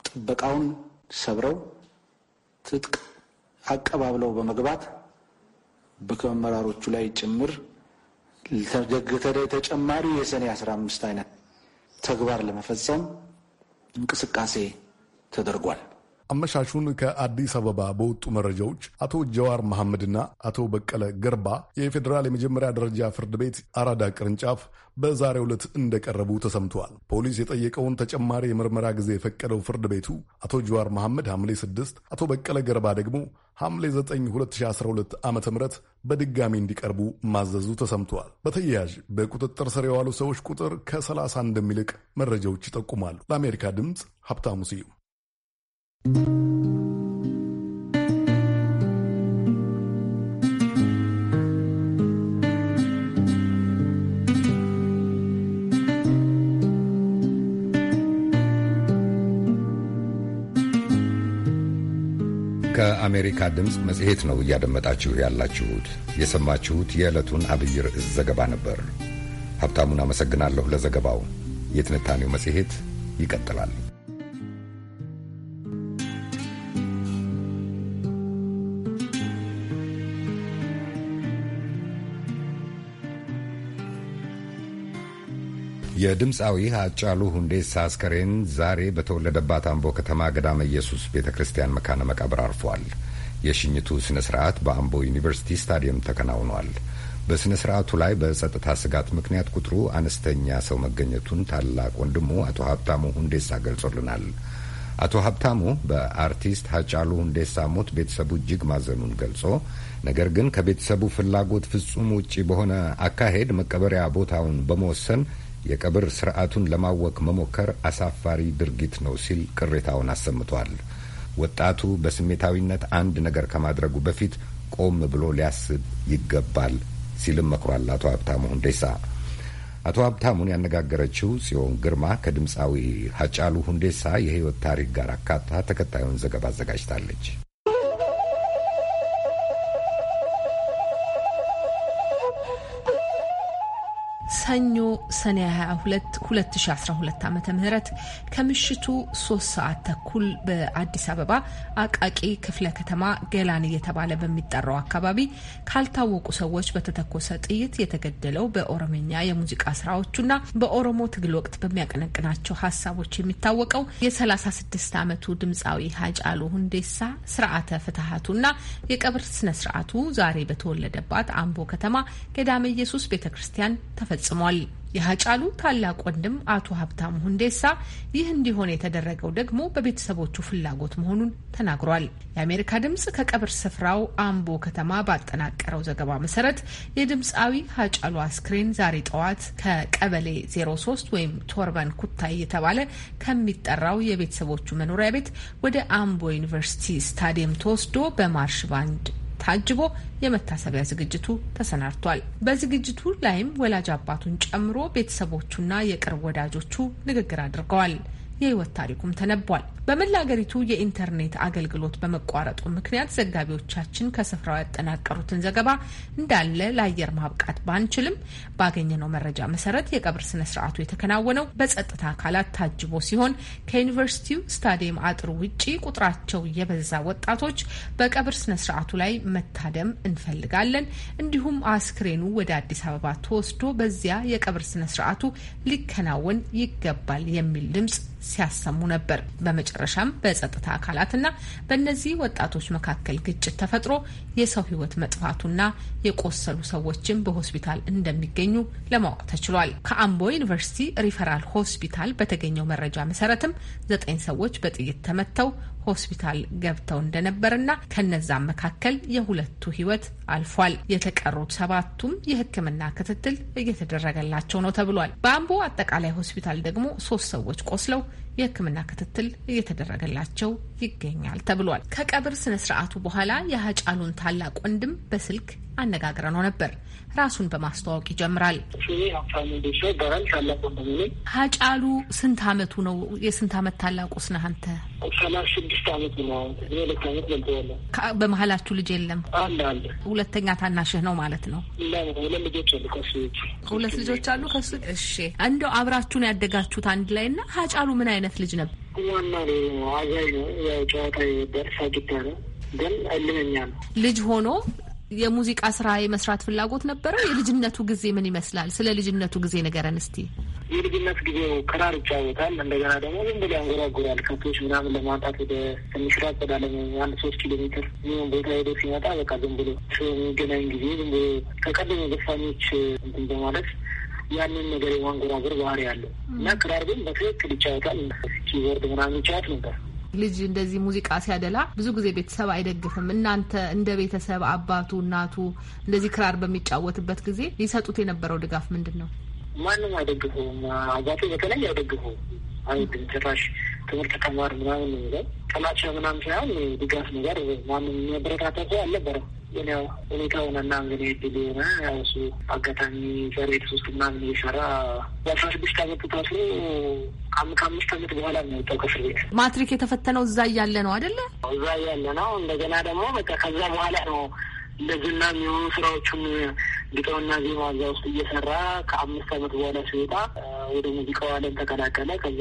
ጥበቃውን ሰብረው ትጥቅ አቀባብለው በመግባት በከመራሮቹ ላይ ጭምር ተጨማሪ የሰኔ አስራ አምስት አይነት ተግባር ለመፈጸም እንቅስቃሴ ተደርጓል። አመሻሹን ከአዲስ አበባ በወጡ መረጃዎች አቶ ጀዋር መሐመድና አቶ በቀለ ገርባ የፌዴራል የመጀመሪያ ደረጃ ፍርድ ቤት አራዳ ቅርንጫፍ በዛሬ ዕለት እንደቀረቡ ተሰምተዋል። ፖሊስ የጠየቀውን ተጨማሪ የምርመራ ጊዜ የፈቀደው ፍርድ ቤቱ አቶ ጀዋር መሐመድ ሐምሌ 6 አቶ በቀለ ገርባ ደግሞ ሐምሌ 9 2012 ዓ ም በድጋሚ እንዲቀርቡ ማዘዙ ተሰምተዋል። በተያያዥ በቁጥጥር ስር የዋሉ ሰዎች ቁጥር ከ30 እንደሚልቅ መረጃዎች ይጠቁማሉ። ለአሜሪካ ድምፅ ሀብታሙ ስዩም ከአሜሪካ ድምፅ መጽሔት ነው እያደመጣችሁ ያላችሁት። የሰማችሁት የዕለቱን አብይ ርዕስ ዘገባ ነበር። ሀብታሙን አመሰግናለሁ ለዘገባው። የትንታኔው መጽሔት ይቀጥላል። የድምፃዊ አጫሉ ሁንዴሳ አስከሬን ዛሬ በተወለደባት አምቦ ከተማ ገዳመ ኢየሱስ ቤተ ክርስቲያን መካነ መቃብር አርፏል። የሽኝቱ ስነ ስርዓት በአምቦ ዩኒቨርሲቲ ስታዲየም ተከናውኗል። በስነ ስርዓቱ ላይ በጸጥታ ስጋት ምክንያት ቁጥሩ አነስተኛ ሰው መገኘቱን ታላቅ ወንድሙ አቶ ሀብታሙ ሁንዴሳ ገልጾልናል። አቶ ሀብታሙ በአርቲስት ሀጫሉ ሁንዴሳ ሞት ቤተሰቡ እጅግ ማዘኑን ገልጾ ነገር ግን ከቤተሰቡ ፍላጎት ፍጹም ውጪ በሆነ አካሄድ መቀበሪያ ቦታውን በመወሰን የቀብር ስርዓቱን ለማወቅ መሞከር አሳፋሪ ድርጊት ነው ሲል ቅሬታውን አሰምቷል። ወጣቱ በስሜታዊነት አንድ ነገር ከማድረጉ በፊት ቆም ብሎ ሊያስብ ይገባል ሲልም መክሯል። አቶ ሀብታሙ ሁንዴሳ። አቶ ሀብታሙን ያነጋገረችው ጽዮን ግርማ ከድምፃዊ ሀጫሉ ሁንዴሳ የህይወት ታሪክ ጋር አካታ ተከታዩን ዘገባ አዘጋጅታለች። ሰኞ ሰኔ 22 2012 ዓ ም ከምሽቱ 3 ሰዓት ተኩል በአዲስ አበባ አቃቂ ክፍለ ከተማ ገላን እየተባለ በሚጠራው አካባቢ ካልታወቁ ሰዎች በተተኮሰ ጥይት የተገደለው በኦሮምኛ የሙዚቃ ስራዎቹና በኦሮሞ ትግል ወቅት በሚያቀነቅናቸው ሀሳቦች የሚታወቀው የ36 ዓመቱ ድምፃዊ ሀጫሉ ሁንዴሳ ስርዓተ ፍትሀቱና የቀብር ስነ ስርዓቱ ዛሬ በተወለደባት አምቦ ከተማ ገዳመ ኢየሱስ ቤተ ክርስቲያን ተፈ ፈጽሟል። የሀጫሉ ታላቅ ወንድም አቶ ሀብታሙ ሁንዴሳ ይህ እንዲሆን የተደረገው ደግሞ በቤተሰቦቹ ፍላጎት መሆኑን ተናግሯል። የአሜሪካ ድምጽ ከቀብር ስፍራው አምቦ ከተማ ባጠናቀረው ዘገባ መሰረት የድምፃዊ ሀጫሉ አስክሬን ዛሬ ጠዋት ከቀበሌ 03 ወይም ቶርበን ኩታይ እየተባለ ከሚጠራው የቤተሰቦቹ መኖሪያ ቤት ወደ አምቦ ዩኒቨርሲቲ ስታዲየም ተወስዶ በማርሽ ባንድ ታጅቦ የመታሰቢያ ዝግጅቱ ተሰናድቷል። በዝግጅቱ ላይም ወላጅ አባቱን ጨምሮ ቤተሰቦቹና የቅርብ ወዳጆቹ ንግግር አድርገዋል። የህይወት ታሪኩም ተነቧል። በመላ አገሪቱ የኢንተርኔት አገልግሎት በመቋረጡ ምክንያት ዘጋቢዎቻችን ከስፍራው ያጠናቀሩትን ዘገባ እንዳለ ለአየር ማብቃት ባንችልም ባገኘነው መረጃ መሰረት የቀብር ስነ ስርዓቱ የተከናወነው በጸጥታ አካላት ታጅቦ ሲሆን ከዩኒቨርሲቲው ስታዲየም አጥሩ ውጪ ቁጥራቸው የበዛ ወጣቶች በቀብር ስነ ስርዓቱ ላይ መታደም እንፈልጋለን፣ እንዲሁም አስክሬኑ ወደ አዲስ አበባ ተወስዶ በዚያ የቀብር ስነ ስርዓቱ ሊከናወን ይገባል የሚል ድምጽ ሲያሰሙ ነበር። በመጨረሻም በጸጥታ አካላትና በእነዚህ ወጣቶች መካከል ግጭት ተፈጥሮ የሰው ሕይወት መጥፋቱና የቆሰሉ ሰዎችም በሆስፒታል እንደሚገኙ ለማወቅ ተችሏል። ከአምቦ ዩኒቨርሲቲ ሪፈራል ሆስፒታል በተገኘው መረጃ መሰረትም ዘጠኝ ሰዎች በጥይት ተመተው ሆስፒታል ገብተው እንደነበርና ከነዛም መካከል የሁለቱ ህይወት አልፏል። የተቀሩት ሰባቱም የህክምና ክትትል እየተደረገላቸው ነው ተብሏል። በአምቦ አጠቃላይ ሆስፒታል ደግሞ ሶስት ሰዎች ቆስለው የህክምና ክትትል እየተደረገላቸው ይገኛል ተብሏል። ከቀብር ስነ ስርዓቱ በኋላ የሀጫሉን ታላቅ ወንድም በስልክ አነጋግረነው ነበር። ራሱን በማስተዋወቅ ይጀምራል። ሀጫሉ ስንት አመቱ ነው? የስንት አመት ታላቁስ ነህ አንተ? አመቱ በመሀላችሁ ልጅ የለም? ሁለተኛ ታናሽህ ነው ማለት ነው? ሁለት ልጆች አሉ ከሱ እሺ እንደው አብራችሁን ያደጋችሁት አንድ ላይ እና ሀጫሉ ምን አይነት ልጅ ነበር? ዋና ነው፣ አዛኝ ነው፣ ጨዋታ ነው ግን እልመኛ ነው። ልጅ ሆኖ የሙዚቃ ስራ የመስራት ፍላጎት ነበረ? የልጅነቱ ጊዜ ምን ይመስላል? ስለ ልጅነቱ ጊዜ ንገረን እስቲ። የልጅነት ጊዜው ክራር ይጫወታል። እንደገና ደግሞ ዝም ብሎ ያንጎራጉራል። ከብቶች ምናምን ለማንጣት ወደ ትንሽ ራቅ ወዳለ አንድ ሶስት ኪሎ ሜትር ሚሆን ቦታ ሄዶ ሲመጣ በቃ ዝም ብሎ የሚገናኝ ጊዜ ዝም ብሎ ከቀደሙ ዘፋኞች እንትን በማለት ያንን ነገር የማንጎራጎር ባህሪ ያለው እና ክራር ግን በትክክል ይጫወታል። ኪቦርድ ምናምን ይጫወት ነበር ልጅ እንደዚህ ሙዚቃ ሲያደላ ብዙ ጊዜ ቤተሰብ አይደግፍም። እናንተ እንደ ቤተሰብ አባቱ፣ እናቱ እንደዚህ ክራር በሚጫወትበት ጊዜ ሊሰጡት የነበረው ድጋፍ ምንድን ነው? ማንም አይደግፈውም። አባቴ በተለይ አይደግፈውም። አይ ጭራሽ ትምህርት ተማር ምናምን የሚለው ጥላቻ ምናምን ሳይሆን ድጋፍ ነገር ማንም የሚያበረታታ ሰው አልነበረም። ግን ያው ሁኔታውን እና እንግዲህ ድል የሆነ ያው እሱ አጋጣሚ ዘሬት ሶስት ምናምን እየሰራ በአስራ ስድስት አመት ታስሮ ከአምስት አመት በኋላ የሚወጣው ከእስር ቤት ማትሪክ የተፈተነው እዛ እያለ ነው አይደለ? እዛ እያለ ነው። እንደገና ደግሞ በቃ ከዛ በኋላ ነው እንደዚህና የሚሆኑ ስራዎቹን ግጥምና ዜማ እዛ ውስጥ እየሰራ ከአምስት አመት በኋላ ሲወጣ ወደ ሙዚቃው ዓለም ተቀላቀለ። ከዛ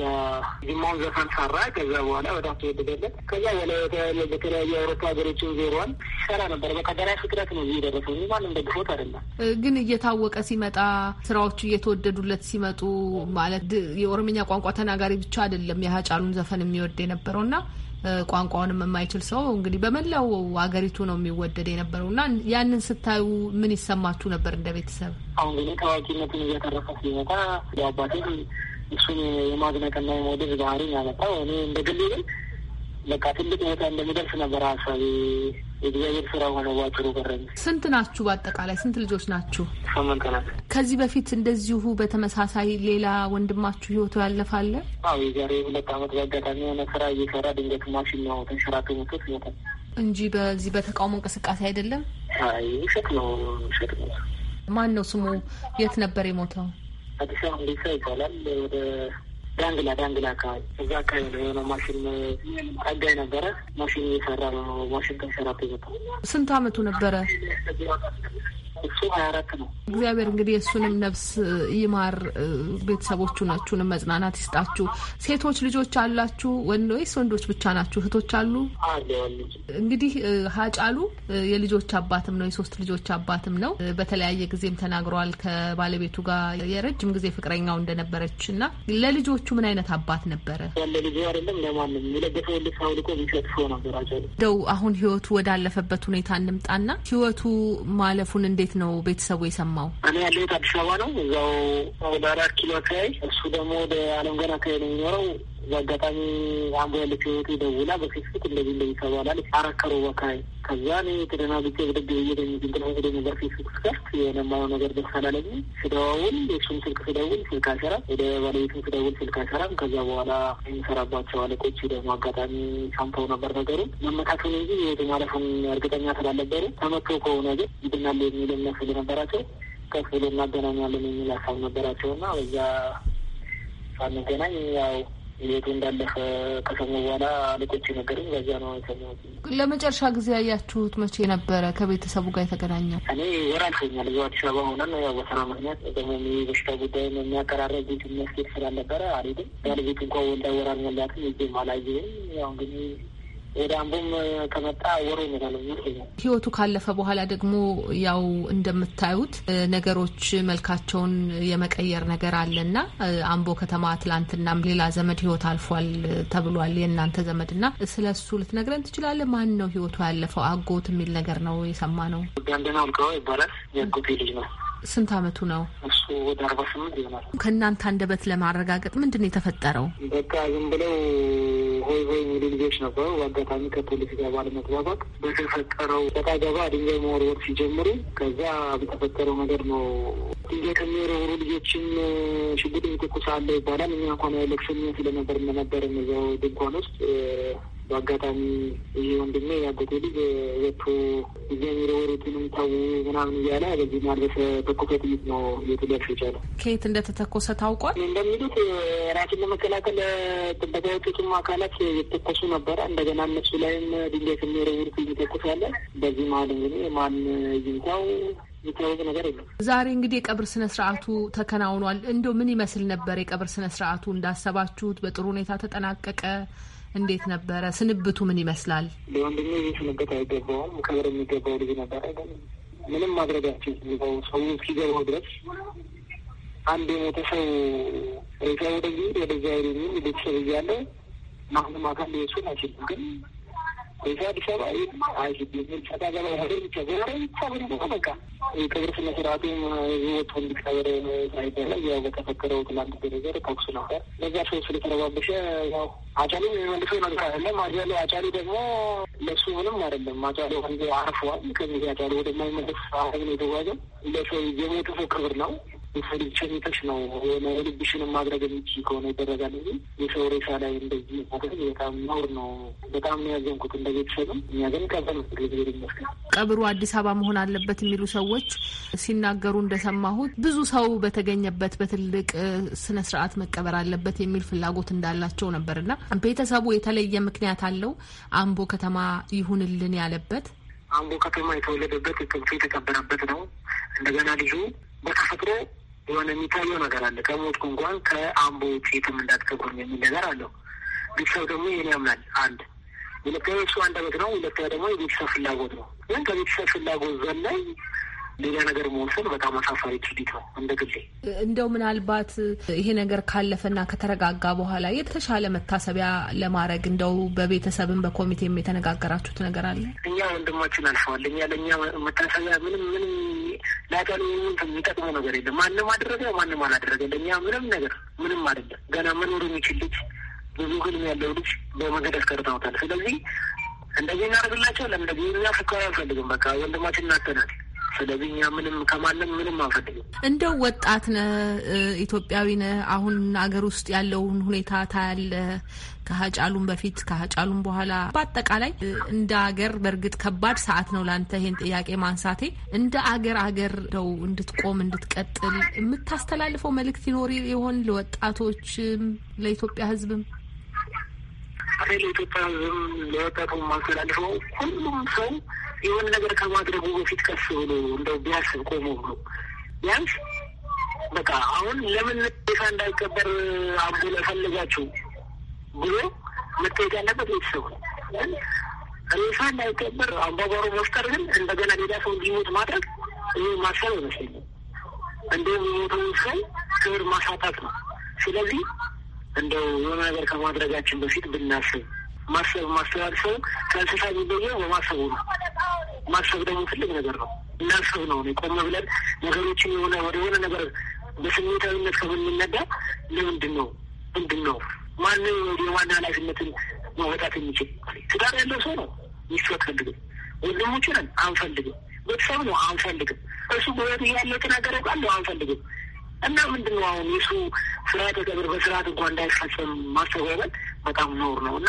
ዜማውን ዘፈን ሰራ። ከዛ በኋላ በጣም ተወደደለት። ከዛ በላይ በተለያዩ አውሮፓ ሀገሮችን ዜሯን ሰራ ነበር። በቃ ፍጥረት ነው እየደረሰ ማንም ደግፎት አይደለም። ግን እየታወቀ ሲመጣ ስራዎቹ እየተወደዱለት ሲመጡ ማለት የኦሮምኛ ቋንቋ ተናጋሪ ብቻ አይደለም የሀጫሉን ዘፈን የሚወድ የነበረው የነበረውና ቋንቋውንም የማይችል ሰው እንግዲህ በመላው ሀገሪቱ ነው የሚወደድ የነበረው እና ያንን ስታዩ ምን ይሰማችሁ ነበር እንደ ቤተሰብ? አሁን እንግዲህ ታዋቂነትን እያተረፈ ሲመጣ አባቴ እሱን የማድነቅና የመውደድ ባህሪ ያመጣው እኔ እንደ ግሌ ግን በቃ ትልቅ ቦታ እንደሚደርስ ነበር ሀሳቤ የእግዚአብሔር ስራ ሆነ ዋጥሩ በረኝ። ስንት ናችሁ? በአጠቃላይ ስንት ልጆች ናችሁ? ስምንት ናት። ከዚህ በፊት እንደዚሁ በተመሳሳይ ሌላ ወንድማችሁ ህይወቱ ያለፋለ? አዎ የዛሬ ሁለት አመት በአጋጣሚ የሆነ ስራ እየሰራ ድንገት ማሽን ነው ተንሸራቶ መቶት ይሞታል እንጂ በዚህ በተቃውሞ እንቅስቃሴ አይደለም። ውሸት ነው፣ ውሸት ነው። ማን ነው ስሙ? የት ነበር የሞተው? አዲስ አበባ እንዴሳ ይባላል። ወደ ዳንግላ ዳንግላ አካባቢ እዛ አካባቢ ነው የሆነ ማሽን ጠጋኝ ነበረ። ማሽን እየሰራ ነው። ማሽን ከሰራ ስንት አመቱ ነበረ? እሱ ሀያ አራት ነው። እግዚአብሔር እንግዲህ የእሱንም ነፍስ ይማር፣ ቤተሰቦቹ ናችሁንም መጽናናት ይስጣችሁ። ሴቶች ልጆች አላችሁ ወይስ ወንዶች ብቻ ናችሁ? እህቶች አሉ? እንግዲህ ሀጫሉ የልጆች አባትም ነው፣ የሶስት ልጆች አባትም ነው። በተለያየ ጊዜም ተናግረዋል ከባለቤቱ ጋር የረጅም ጊዜ ፍቅረኛው እንደነበረች እና ለልጆቹ ምን አይነት አባት ነበረ? ለልጁ አይደለም ለማንም አሁን ህይወቱ ወዳለፈበት ሁኔታ እንምጣና ህይወቱ ማለፉን እንዴት እንዴት ነው ቤተሰቡ የሰማው? እኔ ያለሁት አዲስ አበባ ነው። እዛው ወደ አራት ኪሎ አካባቢ፣ እሱ ደግሞ ወደ አለም ገና አካባቢ ነው የሚኖረው በአጋጣሚ አምቦ ያለች ወጡ ደውላ በፌስቡክ እንደዚህ እንደዚህ ተባላል አረከሩ ወካይ ከዛ እኔ ተደናግጬ ብድግ ብዬ ድንግል ሆ ነበር ፌስቡክ ስከፍት የነማው ነገር ደስ አላለኝ። ስደዋውል የእሱም ስልክ ስደውል ስልክ አይሰራም፣ ወደ ባለቤቱም ስደውል ስልክ አይሰራም። ከዛ በኋላ የሚሰራባቸው አለቆች ደግሞ አጋጣሚ ሳምተው ነበር ነገሩ መመታቱን እንጂ የቱ ማለፉን እርግጠኛ ስላልነበሩ ተመቶ ከሆነ ግን ይድናሉ የሚል እምነት ስለነበራቸው ቀስ ብሎ እናገናኛለን የሚል ሀሳብ ነበራቸው እና በዛ ሳንገናኝ ያው ቤቱ እንዳለፈ ከሰሙ በኋላ አልቆች ነገርም በዚያ ነው የሰማሁት። ለመጨረሻ ጊዜ ያያችሁት መቼ ነበረ? ከቤተሰቡ ጋር የተገናኘው? እኔ ወር አልፎኛል። እዚያው አዲስ አበባ ሆነን ያው በስራ ምክንያት ደግሞ በሽታ ጉዳይ የሚያቀራረብ ቤት የሚያስኬድ ስላልነበረ አልሄድም። ባለቤት እንኳ ወልዳ ወራል መላትም ይዜ አላየሁም። ያው እንግዲህ ዳምቦም ከመጣ ወሩ ህይወቱ ካለፈ በኋላ ደግሞ ያው እንደምታዩት ነገሮች መልካቸውን የመቀየር ነገር አለና አምቦ ከተማ ትላንትናም ሌላ ዘመድ ህይወት አልፏል ተብሏል። የእናንተ ዘመድ እና ስለ እሱ ልትነግረን ትችላለህ? ማን ነው ህይወቱ ያለፈው? አጎት የሚል ነገር ነው የሰማ ነው። ጋንደና ልቀ ይባላል። የአጎቴ ልጅ ነው ስንት አመቱ ነው? እሱ ወደ አርባ ስምንት ይሆናል። ከእናንተ አንደበት ለማረጋገጥ ምንድን ነው የተፈጠረው? በቃ ዝም ብለው ሆይ ሆይ የሚሉ ልጆች ነበሩ። በአጋጣሚ ከፖሊስ ጋር ባለመግባባት በተፈጠረው ጠቃ ገባ ድንጋይ መወርወር ሲጀምሩ ከዛ በተፈጠረው ነገር ነው ድንጋይ ከሚወረውሩ ልጆችን ሽጉጥ የሚተኩስ አለ ይባላል። እኛ እንኳን ያለቅሰኛ ስለነበር ነበር እዛው ድንኳን ውስጥ በአጋጣሚ ይህ ወንድሜ ያጎቴ ልጅ ወጥቶ እግዚአብሔር ወሬቱንም ተው ምናምን እያለ በዚህ ማድረስ ተኮሰ ጥይት ነው የተደርሽ ይቻለ ከየት እንደተተኮሰ ታውቋል። እንደሚሉት ራሱን ለመከላከል ጥበቃ የወጡትም አካላት የተተኮሱ ነበረ። እንደገና እነሱ ላይም ድንጋይ ከሚወረውሩት እየተኮሳለ በዚህ መሀል እንግዲህ ማን ይምታው ነገር ዛሬ እንግዲህ የቀብር ስነ ስርዓቱ ተከናውኗል። እንዶ ምን ይመስል ነበር የቀብር ስነ ስርዓቱ? እንዳሰባችሁት በጥሩ ሁኔታ ተጠናቀቀ? እንዴት ነበረ? ስንብቱ ምን ይመስላል? ለወንድሜ ስንብት አይገባውም። ክብር የሚገባው ልጅ ነበረ። ምንም ማድረጋችን ሰው እስኪገባው ድረስ አንድ የሞተ ሰው ሬሳ ወደዚህ ወደዚያ ቤተሰብ እያለ ማንም አካል ሊወሱን አይችልም ግን ከዚ አዲስ አበባ አይሂድ ፈታ ገባ ሆደ ብቻ በቃ የቀብር ስነ ስርዓቱ ወጥቶ እንዲቀበር ሳይደረግ ያው በተፈከረው ትላንት ገነዘር ተኩስ ነበር። በዛ ሰው ስለተረባበሸ ያው አጫሌ መልሶ ይመልሳል አለም አጫሌ ደግሞ ለሱ ምንም አይደለም። አጫሌ ወንዚ አርፏል። ከዚህ አጫሌ ወደማይመለስ አረብ ነው የተጓዘ ለሰው የሞተ ሰው ክብር ነው ሸኝተሽ ነው የሆነ የልብሽንም ማድረግ የምችል ከሆነ ይደረጋል እንጂ የሰው ሬሳ ላይ እንደዚህ ማድረግ በጣም ኖር ነው። በጣም ነው ያዘንኩት እንደ ቤተሰብም። እኛ ግን ቀብር ቀብሩ አዲስ አበባ መሆን አለበት የሚሉ ሰዎች ሲናገሩ እንደሰማሁት ብዙ ሰው በተገኘበት በትልቅ ስነ ስርዓት መቀበር አለበት የሚል ፍላጎት እንዳላቸው ነበር። ነበርና ቤተሰቡ የተለየ ምክንያት አለው አምቦ ከተማ ይሁንልን ያለበት አምቦ ከተማ የተወለደበት ቅብቱ የተቀበረበት ነው። እንደገና ልጁ በተፈጥሮ የሆነ የሚታየው ነገር አለ። ከሞትኩ እንኳን ከአምቦ ውጭ የትም የሚል ነገር አለው። ቤተሰብ ደግሞ ይህን ያምናል። አንድ ሁለተኛ ሱ አንድ አመት ነው። ሁለተኛ ደግሞ የቤተሰብ ፍላጎት ነው። ግን ከቤተሰብ ፍላጎት ላይ ሌላ ነገር መሆን ስል በጣም አሳፋሪ ድርጊት ነው እንደ ግሌ። እንደው ምናልባት ይሄ ነገር ካለፈና ከተረጋጋ በኋላ የተሻለ መታሰቢያ ለማድረግ እንደው በቤተሰብም በኮሚቴም የተነጋገራችሁት ነገር አለ? እኛ ወንድማችን አልፈዋል። እኛ ለእኛ መታሰቢያ ምንም ምንም ለአቃሉ የሚጠቅመው ነገር የለም። ማንም አደረገ ማንም አላደረገ ለእኛ ምንም ነገር ምንም አይደለም። ገና መኖር የሚችል ልጅ ብዙ ህልም ያለው ልጅ በመንገድ አስቀርተውታል። ስለዚህ እንደዚህ እናደርግላቸው ለምንደዚህ እኛ ፍካሪ አንፈልግም። በቃ ወንድማችን እናተናል ስለዚህ እኛ ምንም ከማንም ምንም አንፈልግም። እንደው ወጣት ነህ፣ ኢትዮጵያዊ ነህ። አሁን አገር ውስጥ ያለውን ሁኔታ ታያለህ። ከሀጫሉም በፊት ከሀጫሉም በኋላ በአጠቃላይ እንደ አገር በእርግጥ ከባድ ሰዓት ነው ለአንተ ይሄን ጥያቄ ማንሳቴ። እንደ አገር አገር ደው እንድትቆም እንድትቀጥል የምታስተላልፈው መልእክት ይኖር ይሆን ለወጣቶችም ለኢትዮጵያ ሕዝብም? እኔ ለኢትዮጵያ ሕዝብም ለወጣቱ ማስተላልፈው ሁሉም ሰው የሆነ ነገር ከማድረጉ በፊት ቀስ ብሎ እንደው ቢያስብ ቆሞ ብሎ ቢያንስ በቃ አሁን ለምን ሳ እንዳይቀበር አብዶ ለፈለጋችሁ ብሎ መታየት ያለበት ቤተሰቡ ሬሳ እንዳይቀበር አምባጓሮ መፍጠር ግን እንደገና ሌላ ሰው እንዲሞት ማድረግ ይህ ማሰብ አይመስለኝም። እንደውም የሞተውን ሰው ክብር ማሳጣት ነው። ስለዚህ እንደው የሆነ ነገር ከማድረጋችን በፊት ብናስብ ማሰብ ማስተዋል ሰው ከእንስሳ የሚለየው በማሰቡ ነው። ማሰብ ደግሞ ትልቅ ነገር ነው። እናስብ ነው ነ ቆመ ብለን ነገሮችን የሆነ ወደ ሆነ ነገር በስሜታዊነት ከምንነዳ ለምንድን ነው ምንድን ነው ማን የዋና ኃላፊነትን መወጣት የሚችል ትዳር ያለው ሰው ነው። ሚስቱ አትፈልግም። ወንድሞች ነን አንፈልግም። ቤተሰብ ነው አንፈልግም። እሱ ጉበት እያለ የተናገረ ቃል ነው አንፈልግም። እና ምንድን ነው አሁን የሱ ስርዓተ ቀብር በስርዓት እንኳ እንዳይፈጸም ማስተጓበል በጣም ኖር ነው እና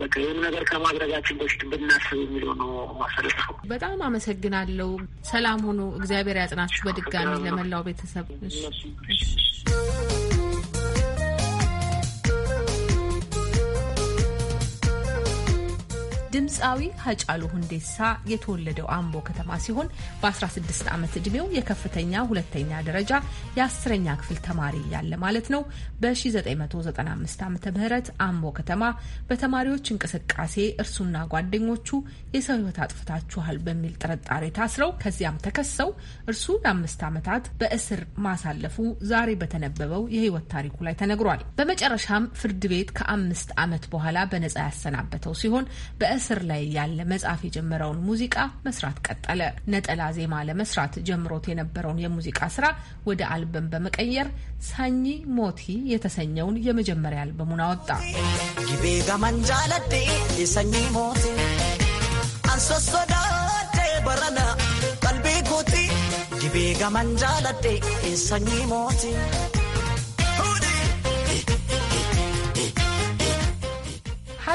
በቃ ነገር ከማድረጋችን በፊት ብናስብ የሚለው ነው ማሰለጥፈው። በጣም አመሰግናለሁ። ሰላም ሆኖ እግዚአብሔር ያጽናችሁ። በድጋሚ ለመላው ቤተሰብ ድምፃዊ ሀጫሉ ሁንዴሳ የተወለደው አምቦ ከተማ ሲሆን በ16 ዓመት ዕድሜው የከፍተኛ ሁለተኛ ደረጃ የአስረኛ ክፍል ተማሪ ያለ ማለት ነው በ1995 ዓ ም አምቦ ከተማ በተማሪዎች እንቅስቃሴ እርሱና ጓደኞቹ የሰው ህይወት አጥፍታችኋል በሚል ጥርጣሬ ታስረው ከዚያም ተከሰው እርሱ ለአምስት ዓመታት በእስር ማሳለፉ ዛሬ በተነበበው የህይወት ታሪኩ ላይ ተነግሯል። በመጨረሻም ፍርድ ቤት ከአምስት ዓመት በኋላ በነጻ ያሰናበተው ሲሆን በ በእስር ላይ ያለ መጽሐፍ የጀመረውን ሙዚቃ መስራት ቀጠለ። ነጠላ ዜማ ለመስራት ጀምሮት የነበረውን የሙዚቃ ስራ ወደ አልበም በመቀየር ሳኚ ሞቲ የተሰኘውን የመጀመሪያ አልበሙን አወጣ። ጊቤ ገመንጃለዴ የሰኚ ሞቲ አንሶሶዳዴ ቀልቤ ጉቲ የሰኚ ሞቲ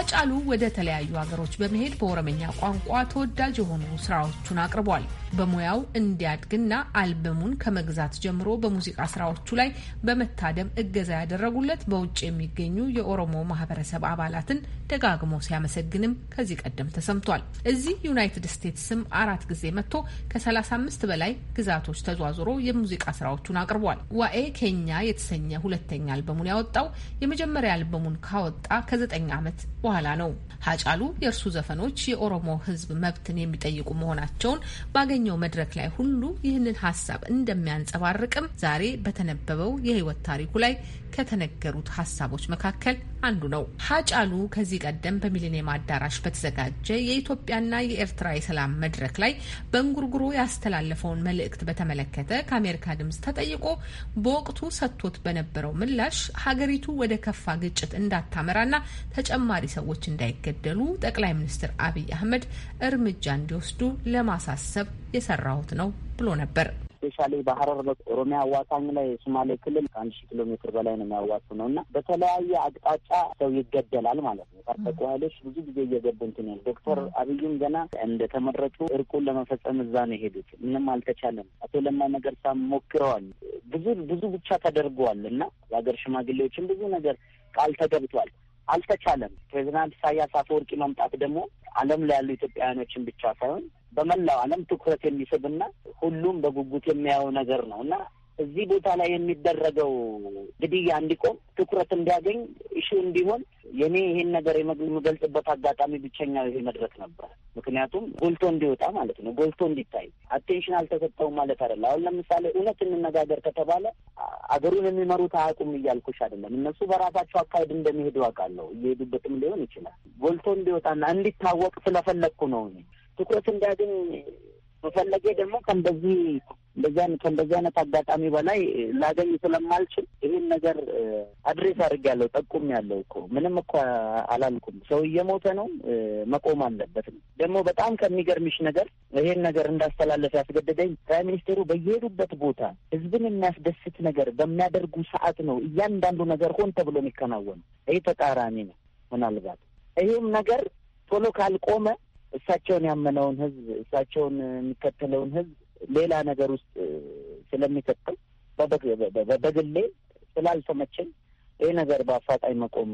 ሃጫሉ ወደ ተለያዩ ሀገሮች በመሄድ በኦሮምኛ ቋንቋ ተወዳጅ የሆኑ ስራዎቹን አቅርቧል። በሙያው እንዲያድግና አልበሙን ከመግዛት ጀምሮ በሙዚቃ ስራዎቹ ላይ በመታደም እገዛ ያደረጉለት በውጭ የሚገኙ የኦሮሞ ማህበረሰብ አባላትን ደጋግሞ ሲያመሰግንም ከዚህ ቀደም ተሰምቷል። እዚህ ዩናይትድ ስቴትስም አራት ጊዜ መጥቶ ከ35 በላይ ግዛቶች ተዟዙሮ የሙዚቃ ስራዎቹን አቅርቧል። ዋኤ ኬኛ የተሰኘ ሁለተኛ አልበሙን ያወጣው የመጀመሪያ አልበሙን ካወጣ ከዘጠኝ ዓመት በኋላ በኋላ ነው። ሀጫሉ የእርሱ ዘፈኖች የኦሮሞ ሕዝብ መብትን የሚጠይቁ መሆናቸውን ባገኘው መድረክ ላይ ሁሉ ይህንን ሀሳብ እንደሚያንጸባርቅም ዛሬ በተነበበው የህይወት ታሪኩ ላይ ከተነገሩት ሀሳቦች መካከል አንዱ ነው። ሀጫሉ ከዚህ ቀደም በሚሊኒየም አዳራሽ በተዘጋጀ የኢትዮጵያና የኤርትራ የሰላም መድረክ ላይ በእንጉርጉሮ ያስተላለፈውን መልእክት በተመለከተ ከአሜሪካ ድምፅ ተጠይቆ በወቅቱ ሰጥቶት በነበረው ምላሽ ሀገሪቱ ወደ ከፋ ግጭት እንዳታመራና ተጨማሪ ሰዎች እንዳይገደሉ ጠቅላይ ሚኒስትር አብይ አህመድ እርምጃ እንዲወስዱ ለማሳሰብ የሰራሁት ነው ብሎ ነበር። ስፔሻሊ በሀረር ኦሮሚያ አዋሳኝ ላይ የሶማሌ ክልል ከአንድ ሺህ ኪሎ ሜትር በላይ ነው የሚያዋሱ ነው እና በተለያየ አቅጣጫ ሰው ይገደላል ማለት ነው። የታጠቁ ኃይሎች ብዙ ጊዜ እየገቡ እንትን ያሉ ዶክተር አብይም ገና እንደተመረጡ እርቁን ለመፈጸም እዛ ነው የሄዱት። ምንም አልተቻለም። አቶ ለማ መገርሳ ሞክረዋል። ብዙ ብዙ ብቻ ተደርገዋል እና የሀገር ሽማግሌዎችም ብዙ ነገር ቃል ተገብቷል። አልተቻለም። ፕሬዚዳንት ኢሳያስ አፈወርቂ መምጣት ደግሞ ዓለም ላይ ያሉ ኢትዮጵያውያኖችን ብቻ ሳይሆን በመላው ዓለም ትኩረት የሚስብና ሁሉም በጉጉት የሚያየው ነገር ነው እና እዚህ ቦታ ላይ የሚደረገው ግድያ እንዲቆም ትኩረት እንዲያገኝ እሹ እንዲሆን የኔ ይሄን ነገር የምገልጽበት አጋጣሚ ብቸኛው ይሄ መድረክ ነበር። ምክንያቱም ጎልቶ እንዲወጣ ማለት ነው፣ ጎልቶ እንዲታይ። አቴንሽን አልተሰጠውም ማለት አይደለ አሁን ለምሳሌ እውነት እንነጋገር ከተባለ አገሩን የሚመሩት አያውቁም እያልኩሽ አይደለም። እነሱ በራሳቸው አካሄድ እንደሚሄዱ አውቃለሁ፣ እየሄዱበትም ሊሆን ይችላል። ጎልቶ እንዲወጣና እንዲታወቅ ስለፈለግኩ ነው። ትኩረት እንዲያገኝ መፈለጌ ደግሞ ከእንደዚህ እንደዚህ አይነት ከእንደዚህ አይነት አጋጣሚ በላይ ላገኝ ስለማልችል ይህን ነገር አድሬስ አድርጌያለሁ። ጠቁም ያለው እኮ ምንም እኮ አላልኩም። ሰው እየሞተ ነው፣ መቆም አለበት ነው። ደግሞ በጣም ከሚገርምሽ ነገር ይሄን ነገር እንዳስተላለፍ ያስገደደኝ ፕራይም ሚኒስቴሩ በየሄዱበት ቦታ ህዝብን የሚያስደስት ነገር በሚያደርጉ ሰዓት ነው እያንዳንዱ ነገር ሆን ተብሎ የሚከናወኑ። ይህ ተቃራኒ ነው። ምናልባት ይህም ነገር ቶሎ ካልቆመ እሳቸውን ያመነውን ህዝብ እሳቸውን የሚከተለውን ህዝብ ሌላ ነገር ውስጥ ስለሚከተል በግሌ ስላልተመቸኝ ይህ ነገር በአፋጣኝ መቆም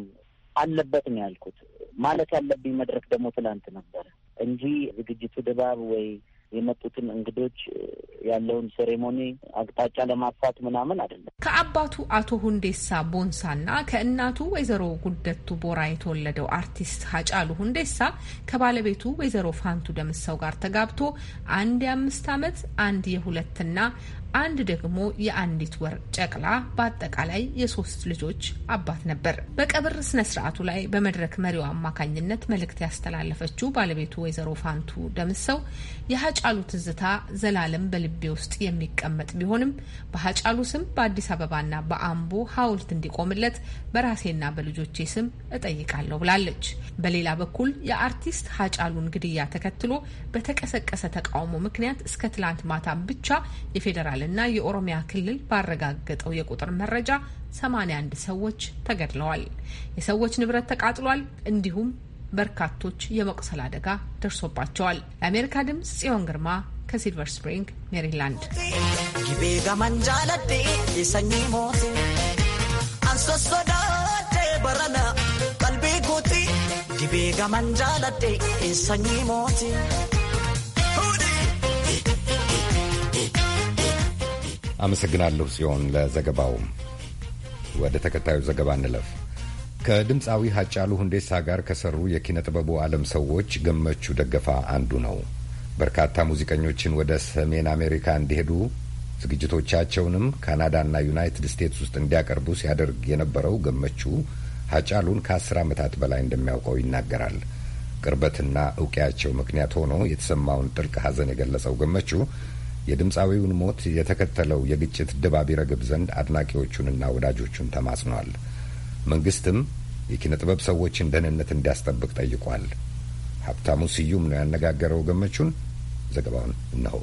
አለበት ነው ያልኩት። ማለት ያለብኝ መድረክ ደግሞ ትናንት ነበረ እንጂ ዝግጅቱ ድባብ ወይ የመጡትን እንግዶች ያለውን ሴሬሞኒ አቅጣጫ ለማፋት ምናምን አይደለም። ከአባቱ አቶ ሁንዴሳ ቦንሳና ከእናቱ ወይዘሮ ጉደቱ ቦራ የተወለደው አርቲስት ሀጫሉ ሁንዴሳ ከባለቤቱ ወይዘሮ ፋንቱ ደምሰው ጋር ተጋብቶ አንድ የአምስት ዓመት አንድ የሁለትና አንድ ደግሞ የአንዲት ወር ጨቅላ በአጠቃላይ የሶስት ልጆች አባት ነበር። በቀብር ስነ ስርዓቱ ላይ በመድረክ መሪው አማካኝነት መልእክት ያስተላለፈችው ባለቤቱ ወይዘሮ ፋንቱ ደምሰው የሀጫሉ ትዝታ ዘላለም በልቤ ውስጥ የሚቀመጥ ቢሆንም በሀጫሉ ስም በአዲስ አበባና በአምቦ ሐውልት እንዲቆምለት በራሴና በልጆቼ ስም እጠይቃለሁ ብላለች። በሌላ በኩል የአርቲስት ሀጫሉን ግድያ ተከትሎ በተቀሰቀሰ ተቃውሞ ምክንያት እስከ ትላንት ማታም ብቻ የፌዴራል እና የኦሮሚያ ክልል ባረጋገጠው የቁጥር መረጃ 81 ሰዎች ተገድለዋል። የሰዎች ንብረት ተቃጥሏል። እንዲሁም በርካቶች የመቁሰል አደጋ ደርሶባቸዋል። የአሜሪካ ድምፅ ጽዮን ግርማ ከሲልቨር ስፕሪንግ ሜሪላንድ። ጊቤ አመሰግናለሁ ሲሆን ለዘገባው። ወደ ተከታዩ ዘገባ እንለፍ። ከድምፃዊ ሀጫሉ ሁንዴሳ ጋር ከሰሩ የኪነ ጥበቡ ዓለም ሰዎች ገመቹ ደገፋ አንዱ ነው። በርካታ ሙዚቀኞችን ወደ ሰሜን አሜሪካ እንዲሄዱ ዝግጅቶቻቸውንም ካናዳና ዩናይትድ ስቴትስ ውስጥ እንዲያቀርቡ ሲያደርግ የነበረው ገመቹ ሀጫሉን ከአስር ዓመታት በላይ እንደሚያውቀው ይናገራል። ቅርበትና እውቂያቸው ምክንያት ሆኖ የተሰማውን ጥልቅ ሐዘን የገለጸው ገመቹ የድምፃዊውን ሞት የተከተለው የግጭት ድባብ ይረግብ ዘንድ አድናቂዎቹንና ወዳጆቹን ተማጽኗል። መንግስትም የኪነ ጥበብ ሰዎችን ደህንነት እንዲያስጠብቅ ጠይቋል። ሀብታሙ ስዩም ነው ያነጋገረው ገመቹን። ዘገባውን እነሆ።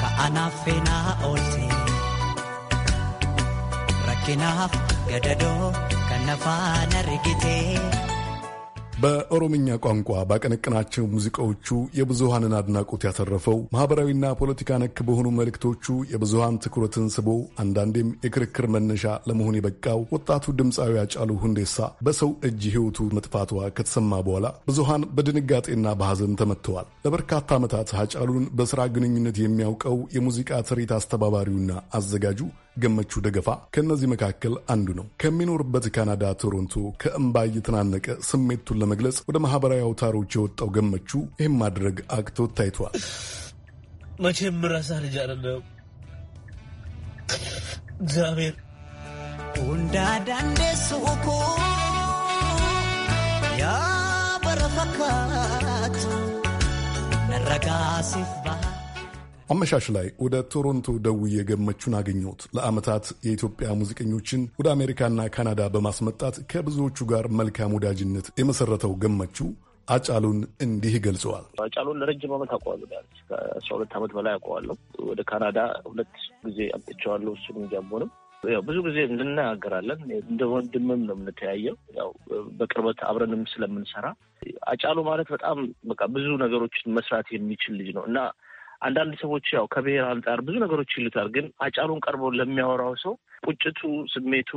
ከአናፌና ኦልቴ ረኪናፍ ገደዶ ከነፋ በኦሮምኛ ቋንቋ ባቀነቅናቸው ሙዚቃዎቹ የብዙሃንን አድናቆት ያተረፈው ማህበራዊና ፖለቲካ ነክ በሆኑ መልእክቶቹ የብዙሃን ትኩረትን ስቦ አንዳንዴም የክርክር መነሻ ለመሆን የበቃው ወጣቱ ድምፃዊ አጫሉ ሁንዴሳ በሰው እጅ ሕይወቱ መጥፋቷ ከተሰማ በኋላ ብዙሃን በድንጋጤና በሐዘን ተመትተዋል። ለበርካታ ዓመታት አጫሉን በሥራ ግንኙነት የሚያውቀው የሙዚቃ ትርኢት አስተባባሪውና አዘጋጁ ገመቹ ደገፋ ከእነዚህ መካከል አንዱ ነው። ከሚኖርበት ካናዳ ቶሮንቶ ከእምባ እየተናነቀ ስሜቱን ለመግለጽ ወደ ማህበራዊ አውታሮች የወጣው ገመቹ ይህም ማድረግ አቅቶ ታይቷል። መቼም ራሳ ልጅ አለነው እግዚአብሔር ወንዳዳንዴ ሱኮ ያ በረፈካቱ አመሻሽ ላይ ወደ ቶሮንቶ ደውዬ ገመቹን አገኘሁት። ለዓመታት የኢትዮጵያ ሙዚቀኞችን ወደ አሜሪካና ካናዳ በማስመጣት ከብዙዎቹ ጋር መልካም ወዳጅነት የመሰረተው ገመቹ አጫሉን እንዲህ ገልጸዋል። አጫሉን ለረጅም ዓመት አውቀዋለሁ። ቢያንስ ከአስራ ሁለት ዓመት በላይ አውቀዋለሁ። ወደ ካናዳ ሁለት ጊዜ አምጥቼዋለሁ። እሱን ጃምቦንም ያው ብዙ ጊዜ እንናገራለን። እንደ ወንድምም ነው የምንተያየው። ያው በቅርበት አብረንም ስለምንሰራ አጫሉ ማለት በጣም በቃ ብዙ ነገሮችን መስራት የሚችል ልጅ ነው እና አንዳንድ ሰዎች ያው ከብሔር አንጻር ብዙ ነገሮች ይሉታል። ግን አጫሉን ቀርቦ ለሚያወራው ሰው ቁጭቱ፣ ስሜቱ፣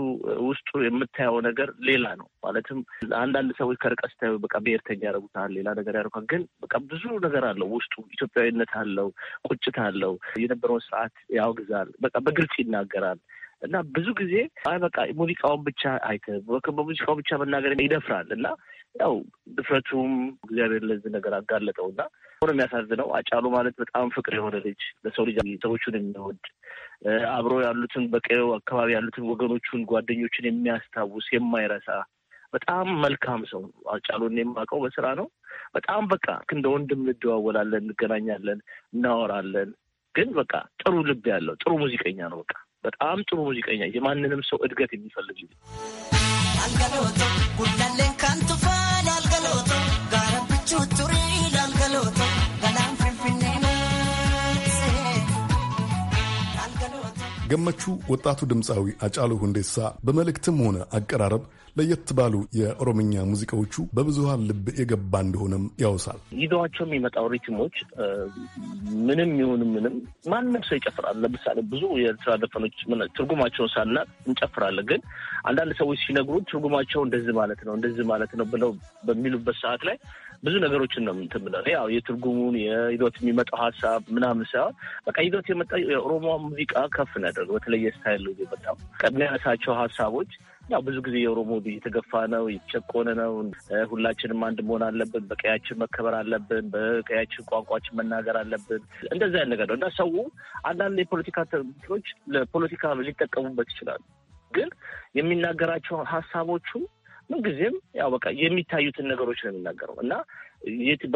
ውስጡ የምታየው ነገር ሌላ ነው። ማለትም አንዳንድ ሰዎች ከርቀት ስታዩ በቃ ብሔርተኛ ያደርጉታል፣ ሌላ ነገር ያደርጉታል። ግን በቃ ብዙ ነገር አለው ውስጡ። ኢትዮጵያዊነት አለው፣ ቁጭት አለው፣ የነበረውን ስርዓት ያውግዛል፣ በቃ በግልጽ ይናገራል። እና ብዙ ጊዜ አይ በቃ ሙዚቃውን ብቻ አይተ በሙዚቃው ብቻ መናገር ይደፍራል። እና ያው ድፍረቱም እግዚአብሔር ለዚህ ነገር አጋለጠው እና ሆነ የሚያሳዝነው አጫሉ ማለት በጣም ፍቅር የሆነ ልጅ ለሰው ልጅ ሰዎቹን የሚወድ አብሮ ያሉትን በቀየው አካባቢ ያሉትን ወገኖቹን ጓደኞችን የሚያስታውስ የማይረሳ በጣም መልካም ሰው አጫሉ የማውቀው በስራ ነው። በጣም በቃ እንደ ወንድም እንደዋወላለን፣ እንገናኛለን፣ እናወራለን። ግን በቃ ጥሩ ልብ ያለው ጥሩ ሙዚቀኛ ነው። በቃ በጣም ጥሩ ሙዚቀኛ የማንንም ሰው እድገት የሚፈልግ ልጅ ጉዳለን ጋረብቹ ቱሪ ገመቹ ወጣቱ ድምፃዊ አጫሉ ሁንዴሳ በመልእክትም ሆነ አቀራረብ ለየት ባሉ የኦሮምኛ ሙዚቃዎቹ በብዙሃን ልብ የገባ እንደሆነም ያውሳል። ይዘዋቸው የሚመጣው ሪትሞች ምንም ይሁን ምንም ማንም ሰው ይጨፍራል። ለምሳሌ ብዙ የኤርትራ ዘፈኖች ትርጉማቸውን ሳና እንጨፍራለን። ግን አንዳንድ ሰዎች ሲነግሩ ትርጉማቸው እንደዚህ ማለት ነው እንደዚህ ማለት ነው ብለው በሚሉበት ሰዓት ላይ ብዙ ነገሮችን ነው እንትን ብለው ያው የትርጉሙን የይዞት የሚመጣው ሀሳብ ምናምን ሳይሆን በቃ ይዞት የመጣ የኦሮሞ ሙዚቃ ከፍ ያደርገው በተለየ ስታይል የመጣው ቀድሞ ያነሳቸው ሀሳቦች ያው ብዙ ጊዜ የኦሮሞ የተገፋ ነው፣ የተጨቆነ ነው። ሁላችንም አንድ መሆን አለብን፣ በቀያችን መከበር አለብን፣ በቀያችን ቋንቋችን መናገር አለብን። እንደዚ አይነት ነገር ነው እና ሰው አንዳንድ የፖለቲካ ትንትኖች ለፖለቲካ ሊጠቀሙበት ይችላሉ። ግን የሚናገራቸው ሀሳቦቹ ምንጊዜም ያው በቃ የሚታዩትን ነገሮች ነው የሚናገረው እና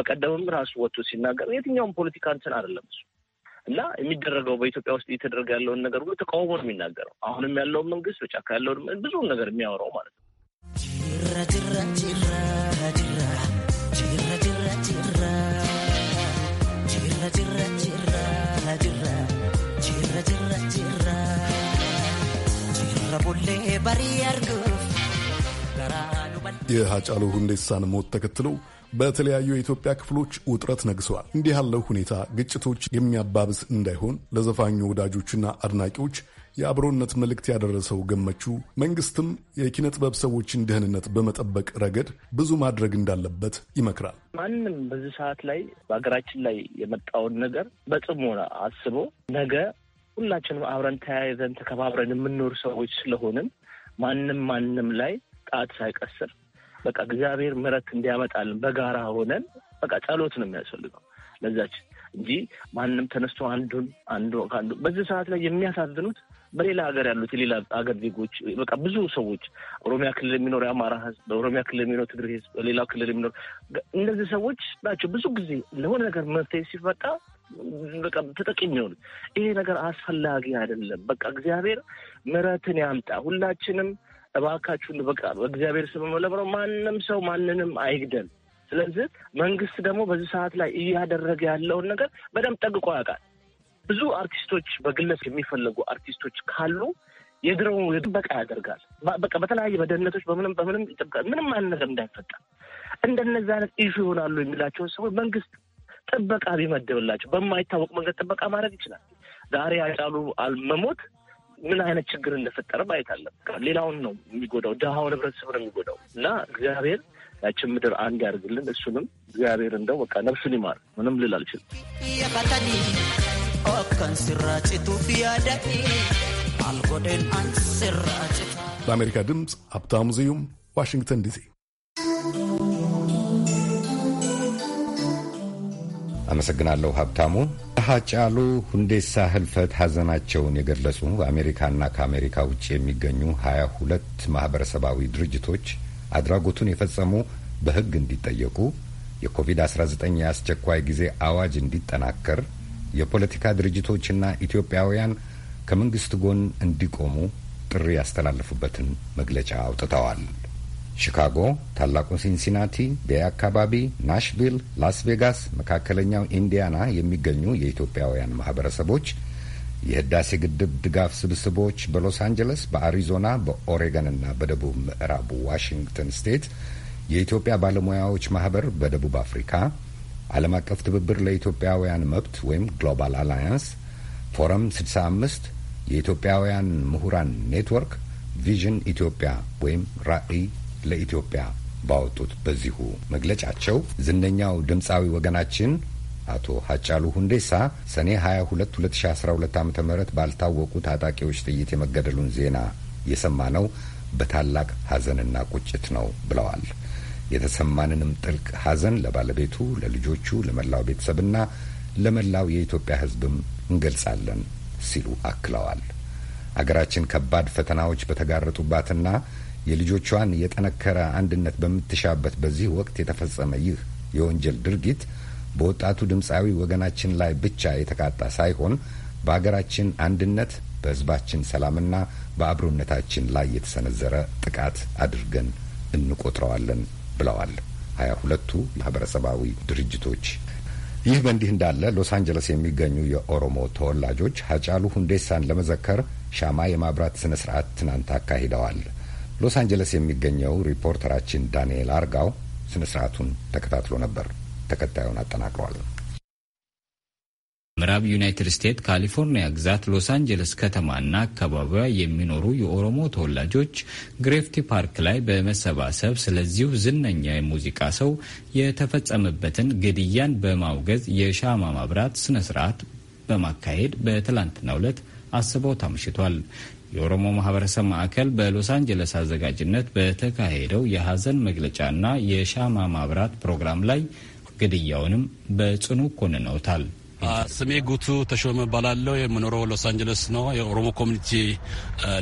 በቀደምም ራሱ ወጥቶ ሲናገር የትኛውም ፖለቲካ እንትን አይደለም እሱ እና የሚደረገው በኢትዮጵያ ውስጥ እየተደረገ ያለውን ነገር ሁሉ ተቃውሞ ነው የሚናገረው። አሁንም ያለውን መንግስት በጫካ ያለውን ብዙውን ነገር የሚያወራው ማለት ነው። የሃጫሉ ሁንዴሳን ሞት ተከትሎ በተለያዩ የኢትዮጵያ ክፍሎች ውጥረት ነግሰዋል። እንዲህ ያለው ሁኔታ ግጭቶች የሚያባብስ እንዳይሆን ለዘፋኙ ወዳጆችና አድናቂዎች የአብሮነት መልእክት ያደረሰው ገመቹ መንግስትም የኪነ ጥበብ ሰዎችን ደህንነት በመጠበቅ ረገድ ብዙ ማድረግ እንዳለበት ይመክራል። ማንም በዚህ ሰዓት ላይ በሀገራችን ላይ የመጣውን ነገር በጽሞና አስቦ ነገ ሁላችንም አብረን ተያይዘን ተከባብረን የምንኖር ሰዎች ስለሆንን ማንም ማንም ላይ ጣት ሳይቀስር በቃ እግዚአብሔር ምረት እንዲያመጣልን በጋራ ሆነን በቃ ጸሎት ነው የሚያስፈልገው ለዛች እንጂ ማንም ተነስቶ አንዱን አንዱ ከአንዱ በዚህ ሰዓት ላይ የሚያሳዝኑት በሌላ ሀገር ያሉት የሌላ ሀገር ዜጎች በቃ ብዙ ሰዎች ኦሮሚያ ክልል የሚኖር የአማራ ህዝብ፣ በኦሮሚያ ክልል የሚኖር ትግሬ ህዝብ፣ በሌላው ክልል የሚኖር እነዚህ ሰዎች ናቸው ብዙ ጊዜ ለሆነ ነገር መፍትሄ ሲፈጣ በቃ ተጠቂ የሚሆኑት። ይሄ ነገር አስፈላጊ አይደለም። በቃ እግዚአብሔር ምሕረትን ያምጣ ሁላችንም እባካችሁን በቃ በእግዚአብሔር ስም መለብረው ማንም ሰው ማንንም አይግደል። ስለዚህ መንግስት ደግሞ በዚህ ሰዓት ላይ እያደረገ ያለውን ነገር በደንብ ጠግቆ ያውቃል። ብዙ አርቲስቶች በግለሰብ የሚፈለጉ አርቲስቶች ካሉ የድሮው ጥበቃ ያደርጋል። በቃ በተለያየ በደህንነቶች በምንም በምንም ጥበቃ ምንም አይነት ነገር እንዳይፈጠር እንደነዚህ አይነት ኢሹ ይሆናሉ የሚላቸውን ሰዎች መንግስት ጥበቃ ቢመድብላቸው በማይታወቅ መንገድ ጥበቃ ማድረግ ይችላል። ዛሬ አጫሉ አልመሞት ምን አይነት ችግር እንደፈጠረ ማየት አለብን። ሌላውን ነው የሚጎዳው፣ ድሃውን ህብረተሰብ ነው የሚጎዳው እና እግዚአብሔር ያችን ምድር አንድ ያደርግልን እሱንም እግዚአብሔር እንደው በቃ ነፍሱን ይማር። ምንም ልል አልችልም። ድምፅ ሀብታሙ ስዩም ዋሽንግተን ዲሲ አመሰግናለሁ ሀብታሙ። ሀጫሉ ሁንዴሳ ህልፈት ሀዘናቸውን የገለጹ አሜሪካና ከአሜሪካ ውጭ የሚገኙ ሀያ ሁለት ማህበረሰባዊ ድርጅቶች አድራጎቱን የፈጸሙ በህግ እንዲጠየቁ፣ የኮቪድ-19 የአስቸኳይ ጊዜ አዋጅ እንዲጠናከር፣ የፖለቲካ ድርጅቶችና ኢትዮጵያውያን ከመንግስት ጎን እንዲቆሙ ጥሪ ያስተላለፉበትን መግለጫ አውጥተዋል። ሺካጎ፣ ታላቁ ሲንሲናቲ፣ ቤይ አካባቢ፣ ናሽቪል፣ ላስ ቬጋስ፣ መካከለኛው ኢንዲያና የሚገኙ የኢትዮጵያውያን ማህበረሰቦች የህዳሴ ግድብ ድጋፍ ስብስቦች በሎስ አንጀለስ፣ በአሪዞና፣ በኦሬገንና በደቡብ ምዕራቡ ዋሽንግተን ስቴት የኢትዮጵያ ባለሙያዎች ማህበር በደቡብ አፍሪካ፣ ዓለም አቀፍ ትብብር ለኢትዮጵያውያን መብት ወይም ግሎባል አላያንስ፣ ፎረም 65 የኢትዮጵያውያን ምሁራን ኔትወርክ፣ ቪዥን ኢትዮጵያ ወይም ራዕይ ለኢትዮጵያ ባወጡት በዚሁ መግለጫቸው ዝነኛው ድምፃዊ ወገናችን አቶ ሀጫሉ ሁንዴሳ ሰኔ 22 2012 ዓ ም ባልታወቁ ታጣቂዎች ጥይት የመገደሉን ዜና የሰማነው በታላቅ ሐዘንና ቁጭት ነው ብለዋል። የተሰማንንም ጥልቅ ሐዘን ለባለቤቱ፣ ለልጆቹ፣ ለመላው ቤተሰብና ለመላው የኢትዮጵያ ሕዝብም እንገልጻለን ሲሉ አክለዋል። አገራችን ከባድ ፈተናዎች በተጋረጡባትና የልጆቿን የጠነከረ አንድነት በምትሻበት በዚህ ወቅት የተፈጸመ ይህ የወንጀል ድርጊት በወጣቱ ድምፃዊ ወገናችን ላይ ብቻ የተቃጣ ሳይሆን በሀገራችን አንድነት፣ በሕዝባችን ሰላምና በአብሮነታችን ላይ የተሰነዘረ ጥቃት አድርገን እንቆጥረዋለን ብለዋል ሀያ ሁለቱ ማህበረሰባዊ ድርጅቶች። ይህ በእንዲህ እንዳለ ሎስ አንጀለስ የሚገኙ የኦሮሞ ተወላጆች ሀጫሉ ሁንዴሳን ለመዘከር ሻማ የማብራት ስነ ስርዓት ትናንት አካሂደዋል። ሎስ አንጀለስ የሚገኘው ሪፖርተራችን ዳንኤል አርጋው ስነ ስርዓቱን ተከታትሎ ነበር። ተከታዩን አጠናቅሯል። ምዕራብ ዩናይትድ ስቴትስ ካሊፎርኒያ ግዛት ሎስ አንጀለስ ከተማና አካባቢዋ የሚኖሩ የኦሮሞ ተወላጆች ግሬፍቲ ፓርክ ላይ በመሰባሰብ ስለዚሁ ዝነኛ የሙዚቃ ሰው የተፈጸመበትን ግድያን በማውገዝ የሻማ ማብራት ስነ ስርዓት በማካሄድ በትላንትናው ዕለት አስበው ታምሽቷል። የኦሮሞ ማህበረሰብ ማዕከል በሎስ አንጀለስ አዘጋጅነት በተካሄደው የሐዘን መግለጫና የሻማ ማብራት ፕሮግራም ላይ ግድያውንም በጽኑ ኮንነውታል። ስሜ ጉቱ ተሾመ ባላለው የምኖረው ሎስ አንጀለስ ነው። የኦሮሞ ኮሚኒቲ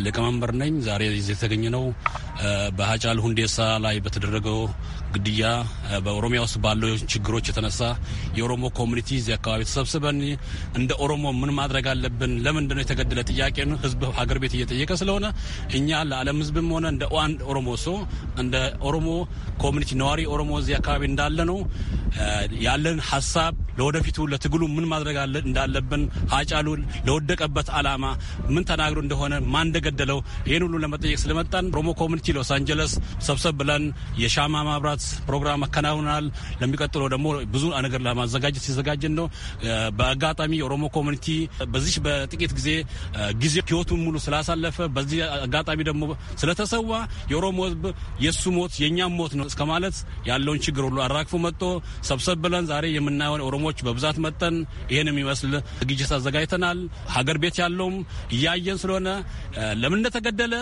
ሊቀመንበር ነኝ። ዛሬ የተገኘ ነው በሀጫል ሁንዴሳ ላይ በተደረገው ግድያ በኦሮሚያ ውስጥ ባለው ችግሮች የተነሳ የኦሮሞ ኮሚኒቲ እዚህ አካባቢ ተሰብስበን እንደ ኦሮሞ ምን ማድረግ አለብን፣ ለምንድነው የተገደለ ጥያቄን ህዝብ ሀገር ቤት እየጠየቀ ስለሆነ እኛ ለዓለም ህዝብም ሆነ እንደ አንድ ኦሮሞ ሰው እንደ ኦሮሞ ኮሚኒቲ ነዋሪ ኦሮሞ እዚህ አካባቢ እንዳለ ነው ያለን ሀሳብ ለወደፊቱ ለትግሉ ምን ማድረግ እንዳለብን፣ ሀጫሉ ለወደቀበት አላማ ምን ተናግሮ እንደሆነ ማን እንደገደለው ይህን ሁሉ ለመጠየቅ ስለመጣን ኦሮሞ ኮሚኒቲ ሎስ አንጀለስ ሰብሰብ ብለን የሻማ ማብራት ፕሮግራም አከናውናል። ለሚቀጥለው ደግሞ ብዙ ነገር ለማዘጋጀት ሲዘጋጀን ነው። በአጋጣሚ የኦሮሞ ኮሚኒቲ በዚህ በጥቂት ጊዜ ጊዜ ህይወቱን ሙሉ ስላሳለፈ በዚህ አጋጣሚ ደግሞ ስለተሰዋ የኦሮሞ ህዝብ የእሱ ሞት የእኛም ሞት ነው እስከማለት ያለውን ችግር ሁሉ አራግፎ መጥቶ ሰብሰብ ብለን ዛሬ የምናየውን ኦሮሞዎች በብዛት መጠን ይህን የሚመስል ዝግጅት አዘጋጅተናል። ሀገር ቤት ያለውም እያየን ስለሆነ ለምን እንደተገደለ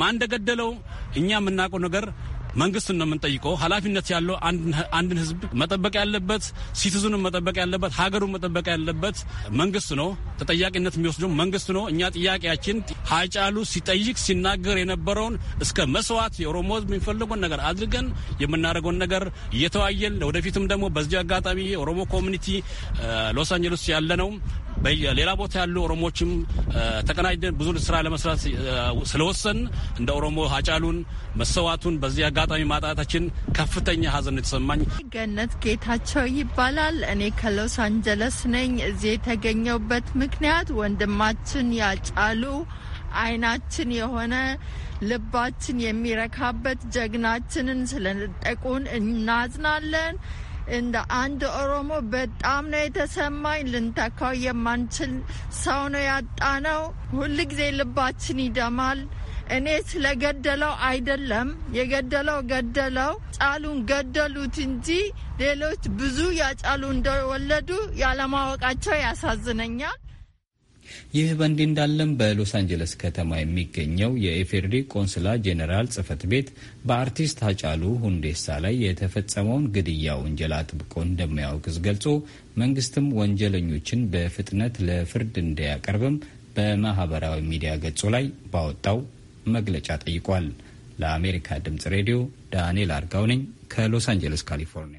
ማን እንደገደለው እኛ የምናውቀው ነገር መንግስትን ነው የምንጠይቀው። ኃላፊነት ያለው አንድን ህዝብ መጠበቅ ያለበት ሲቲዝኑን መጠበቅ ያለበት ሀገሩን መጠበቅ ያለበት መንግስት ነው። ተጠያቂነት የሚወስደው መንግስት ነው። እኛ ጥያቄያችን ሀጫሉ ሲጠይቅ ሲናገር የነበረውን እስከ መስዋዕት የኦሮሞ ህዝብ የሚፈልገውን ነገር አድርገን የምናደርገውን ነገር እየተዋየን ወደፊትም ደግሞ በዚህ አጋጣሚ የኦሮሞ ኮሚኒቲ ሎስ አንጀለስ ያለነው ሌላ ቦታ ያሉ ኦሮሞዎችም ተቀናጅደን ብዙ ስራ ለመስራት ስለወሰን እንደ ኦሮሞ አጫሉን መሰዋቱን በዚህ አጋጣሚ ማጣታችን ከፍተኛ ሀዘን የተሰማኝ። ገነት ጌታቸው ይባላል። እኔ ከሎስ አንጀለስ ነኝ። እዚህ የተገኘውበት ምክንያት ወንድማችን ያጫሉ አይናችን የሆነ ልባችን የሚረካበት ጀግናችንን ስለነጠቁን እናዝናለን። እንደ አንድ ኦሮሞ በጣም ነው የተሰማኝ። ልንተካው የማንችል ሰው ነው ያጣ ነው። ሁል ጊዜ ልባችን ይደማል። እኔ ስለገደለው አይደለም የገደለው ገደለው ጫሉን ገደሉት እንጂ ሌሎች ብዙ ያጫሉ እንደወለዱ ያለማወቃቸው ያሳዝነኛል። ይህ በእንዲህ እንዳለም በሎስ አንጀለስ ከተማ የሚገኘው የኢፌዴሪ ቆንስላ ጄኔራል ጽህፈት ቤት በአርቲስት አጫሉ ሁንዴሳ ላይ የተፈጸመውን ግድያ ወንጀል አጥብቆ እንደሚያወግዝ ገልጾ መንግስትም ወንጀለኞችን በፍጥነት ለፍርድ እንዲያቀርብም በማህበራዊ ሚዲያ ገጹ ላይ ባወጣው መግለጫ ጠይቋል። ለአሜሪካ ድምጽ ሬዲዮ ዳንኤል አርጋው ነኝ ከሎስ አንጀለስ ካሊፎርኒያ።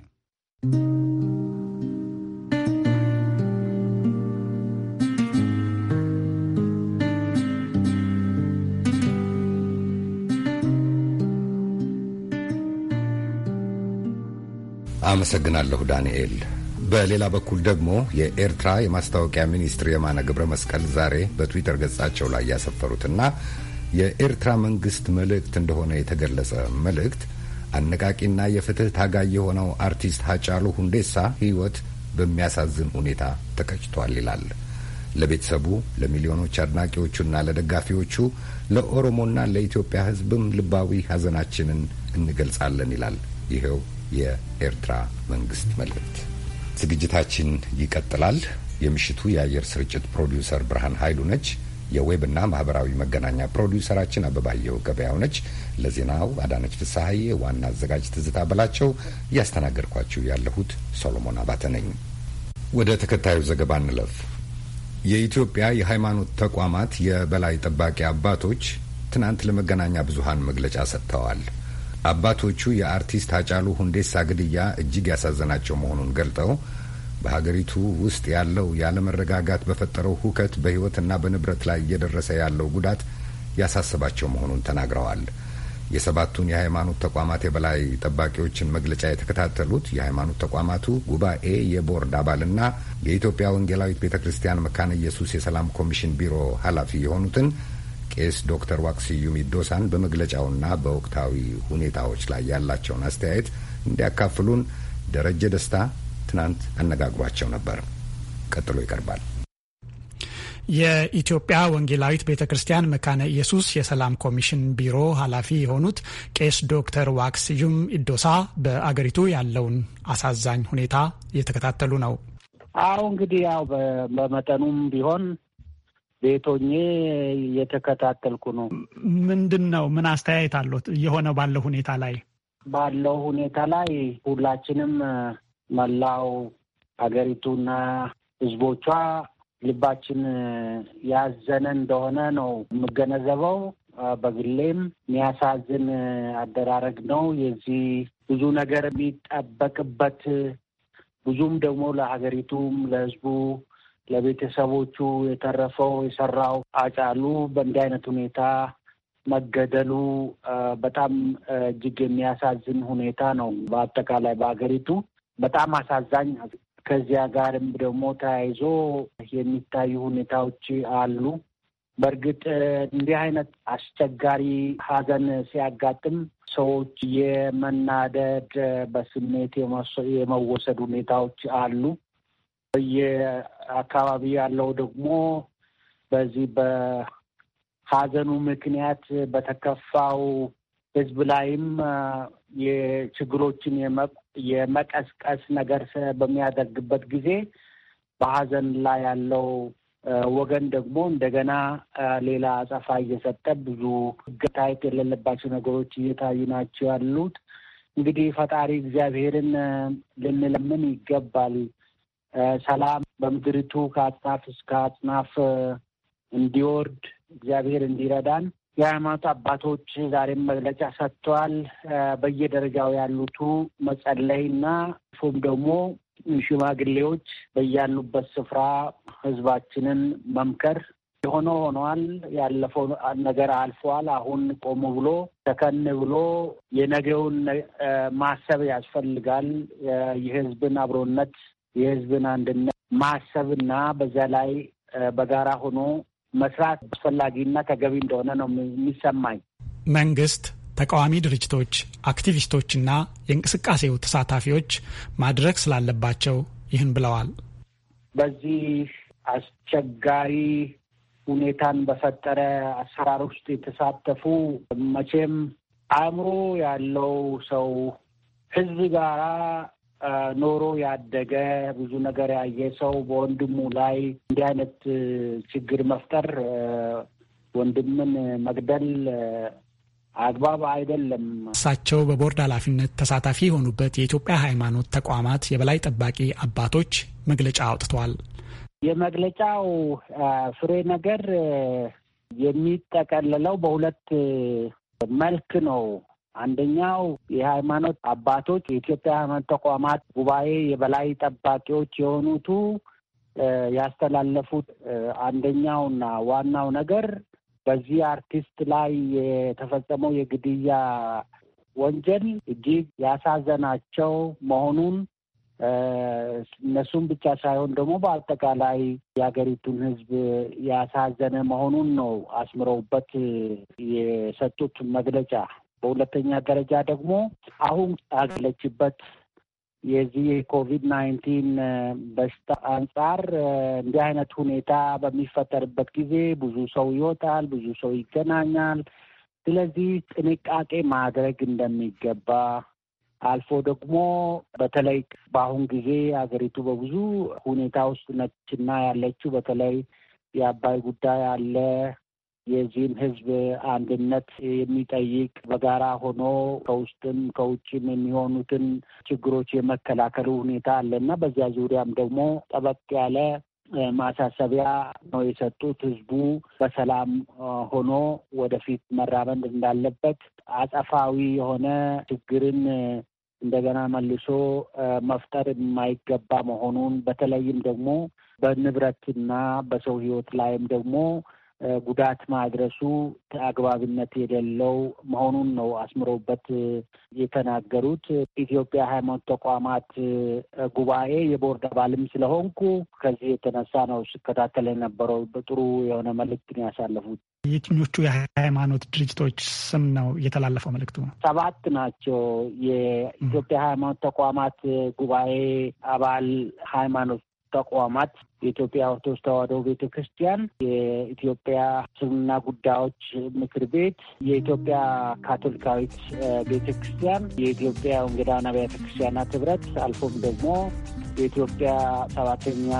አመሰግናለሁ ዳንኤል። በሌላ በኩል ደግሞ የኤርትራ የማስታወቂያ ሚኒስትር የማነ ገብረ መስቀል ዛሬ በትዊተር ገጻቸው ላይ ያሰፈሩትና የኤርትራ መንግስት መልእክት እንደሆነ የተገለጸ መልእክት አነቃቂና የፍትህ ታጋይ የሆነው አርቲስት ሀጫሉ ሁንዴሳ ህይወት በሚያሳዝን ሁኔታ ተቀጭቷል ይላል። ለቤተሰቡ፣ ለሚሊዮኖች አድናቂዎቹና ለደጋፊዎቹ፣ ለኦሮሞና ለኢትዮጵያ ህዝብም ልባዊ ሀዘናችንን እንገልጻለን ይላል ይኸው የኤርትራ መንግስት መልእክት። ዝግጅታችን ይቀጥላል። የምሽቱ የአየር ስርጭት ፕሮዲውሰር ብርሃን ኃይሉ ነች። የዌብና ማህበራዊ መገናኛ ፕሮዲውሰራችን አበባየው ገበያው ነች። ለዜናው አዳነች ፍሳሐዬ፣ ዋና አዘጋጅ ትዝታ በላቸው፣ እያስተናገድኳችሁ ያለሁት ሶሎሞን አባተ ነኝ። ወደ ተከታዩ ዘገባ እንለፍ። የኢትዮጵያ የሃይማኖት ተቋማት የበላይ ጠባቂ አባቶች ትናንት ለመገናኛ ብዙሃን መግለጫ ሰጥተዋል። አባቶቹ የአርቲስት አጫሉ ሁንዴሳ ግድያ እጅግ ያሳዘናቸው መሆኑን ገልጠው በሀገሪቱ ውስጥ ያለው ያለመረጋጋት በፈጠረው ሁከት በሕይወትና በንብረት ላይ እየደረሰ ያለው ጉዳት ያሳሰባቸው መሆኑን ተናግረዋል። የሰባቱን የሃይማኖት ተቋማት የበላይ ጠባቂዎችን መግለጫ የተከታተሉት የሃይማኖት ተቋማቱ ጉባኤ የቦርድ አባልና የኢትዮጵያ ወንጌላዊት ቤተ ክርስቲያን መካነ ኢየሱስ የሰላም ኮሚሽን ቢሮ ኃላፊ የሆኑትን ቄስ ዶክተር ዋክስዩም ይዶሳን በመግለጫውና በወቅታዊ ሁኔታዎች ላይ ያላቸውን አስተያየት እንዲያካፍሉን ደረጀ ደስታ ትናንት አነጋግሯቸው ነበር። ቀጥሎ ይቀርባል። የኢትዮጵያ ወንጌላዊት ቤተ ክርስቲያን መካነ ኢየሱስ የሰላም ኮሚሽን ቢሮ ኃላፊ የሆኑት ቄስ ዶክተር ዋክስዩም ኢዶሳ በአገሪቱ ያለውን አሳዛኝ ሁኔታ እየተከታተሉ ነው። አዎ እንግዲህ ያው በመጠኑም ቢሆን ቤቶኜ እየተከታተልኩ ነው። ምንድን ነው ምን አስተያየት አለት የሆነ ባለው ሁኔታ ላይ ባለው ሁኔታ ላይ ሁላችንም መላው ሀገሪቱና ህዝቦቿ ልባችን ያዘነ እንደሆነ ነው የምገነዘበው። በግሌም የሚያሳዝን አደራረግ ነው። የዚህ ብዙ ነገር የሚጠበቅበት ብዙም ደግሞ ለሀገሪቱም ለህዝቡ ለቤተሰቦቹ የተረፈው የሰራው አጫሉ በእንዲህ አይነት ሁኔታ መገደሉ በጣም እጅግ የሚያሳዝን ሁኔታ ነው። በአጠቃላይ በሀገሪቱ በጣም አሳዛኝ። ከዚያ ጋርም ደግሞ ተያይዞ የሚታዩ ሁኔታዎች አሉ። በእርግጥ እንዲህ አይነት አስቸጋሪ ሀዘን ሲያጋጥም ሰዎች የመናደድ በስሜት የመወሰድ ሁኔታዎች አሉ። በየአካባቢ ያለው ደግሞ በዚህ በሀዘኑ ምክንያት በተከፋው ህዝብ ላይም የችግሮችን የመቀስቀስ ነገር በሚያደርግበት ጊዜ በሀዘን ላይ ያለው ወገን ደግሞ እንደገና ሌላ አጸፋ እየሰጠ ብዙ መታየት የሌለባቸው ነገሮች እየታዩ ናቸው ያሉት። እንግዲህ ፈጣሪ እግዚአብሔርን ልንለምን ይገባል። ሰላም በምድሪቱ ከአጽናፍ እስከ አጽናፍ እንዲወርድ እግዚአብሔር እንዲረዳን የሃይማኖት አባቶች ዛሬም መግለጫ ሰጥተዋል። በየደረጃው ያሉቱ መጸለይና እንዲሁም ደግሞ ሽማግሌዎች በያሉበት ስፍራ ህዝባችንን መምከር የሆነ ሆኗል። ያለፈው ነገር አልፏል። አሁን ቆም ብሎ ተከን ብሎ የነገውን ማሰብ ያስፈልጋል። የህዝብን አብሮነት የህዝብን አንድነት ማሰብና በዛ ላይ በጋራ ሆኖ መስራት አስፈላጊና ተገቢ እንደሆነ ነው የሚሰማኝ። መንግስት፣ ተቃዋሚ ድርጅቶች፣ አክቲቪስቶችና የእንቅስቃሴው ተሳታፊዎች ማድረግ ስላለባቸው ይህን ብለዋል። በዚህ አስቸጋሪ ሁኔታን በፈጠረ አሰራር ውስጥ የተሳተፉ መቼም አእምሮ ያለው ሰው ህዝብ ጋራ ኖሮ ያደገ ብዙ ነገር ያየ ሰው በወንድሙ ላይ እንዲህ አይነት ችግር መፍጠር ወንድምን መግደል አግባብ አይደለም። እሳቸው በቦርድ ኃላፊነት ተሳታፊ የሆኑበት የኢትዮጵያ ሃይማኖት ተቋማት የበላይ ጠባቂ አባቶች መግለጫ አውጥተዋል። የመግለጫው ፍሬ ነገር የሚጠቀልለው በሁለት መልክ ነው። አንደኛው የሃይማኖት አባቶች የኢትዮጵያ ሃይማኖት ተቋማት ጉባኤ የበላይ ጠባቂዎች የሆኑቱ ያስተላለፉት አንደኛውና ዋናው ነገር በዚህ አርቲስት ላይ የተፈጸመው የግድያ ወንጀል እጅግ ያሳዘናቸው መሆኑን እነሱም ብቻ ሳይሆን ደግሞ በአጠቃላይ የሀገሪቱን ሕዝብ ያሳዘነ መሆኑን ነው አስምረውበት የሰጡት መግለጫ። በሁለተኛ ደረጃ ደግሞ አሁን ያለችበት የዚህ የኮቪድ ናይንቲን በሽታ አንጻር እንዲህ አይነት ሁኔታ በሚፈጠርበት ጊዜ ብዙ ሰው ይወጣል፣ ብዙ ሰው ይገናኛል። ስለዚህ ጥንቃቄ ማድረግ እንደሚገባ አልፎ ደግሞ በተለይ በአሁን ጊዜ ሀገሪቱ በብዙ ሁኔታ ውስጥ ነችና ያለችው በተለይ የአባይ ጉዳይ አለ፣ የዚህን ህዝብ አንድነት የሚጠይቅ በጋራ ሆኖ ከውስጥም ከውጭም የሚሆኑትን ችግሮች የመከላከሉ ሁኔታ አለና በዚያ ዙሪያም ደግሞ ጠበቅ ያለ ማሳሰቢያ ነው የሰጡት። ህዝቡ በሰላም ሆኖ ወደፊት መራመድ እንዳለበት አጸፋዊ የሆነ ችግርን እንደገና መልሶ መፍጠር የማይገባ መሆኑን በተለይም ደግሞ በንብረትና በሰው ህይወት ላይም ደግሞ ጉዳት ማድረሱ አግባብነት የሌለው መሆኑን ነው አስምረውበት የተናገሩት። ኢትዮጵያ ሃይማኖት ተቋማት ጉባኤ የቦርድ አባልም ስለሆንኩ ከዚህ የተነሳ ነው ስከታተል የነበረው። ጥሩ የሆነ መልእክት ነው ያሳለፉት። የትኞቹ የሃይማኖት ድርጅቶች ስም ነው የተላለፈው መልእክቱ? ሰባት ናቸው። የኢትዮጵያ ሃይማኖት ተቋማት ጉባኤ አባል ሃይማኖት ተቋማት የኢትዮጵያ ኦርቶዶክስ ተዋሕዶ ቤተ ክርስቲያን፣ የኢትዮጵያ እስልምና ጉዳዮች ምክር ቤት፣ የኢትዮጵያ ካቶሊካዊት ቤተ ክርስቲያን፣ የኢትዮጵያ ወንጌላውያን አብያተ ክርስቲያናት ህብረት አልፎም ደግሞ የኢትዮጵያ ሰባተኛ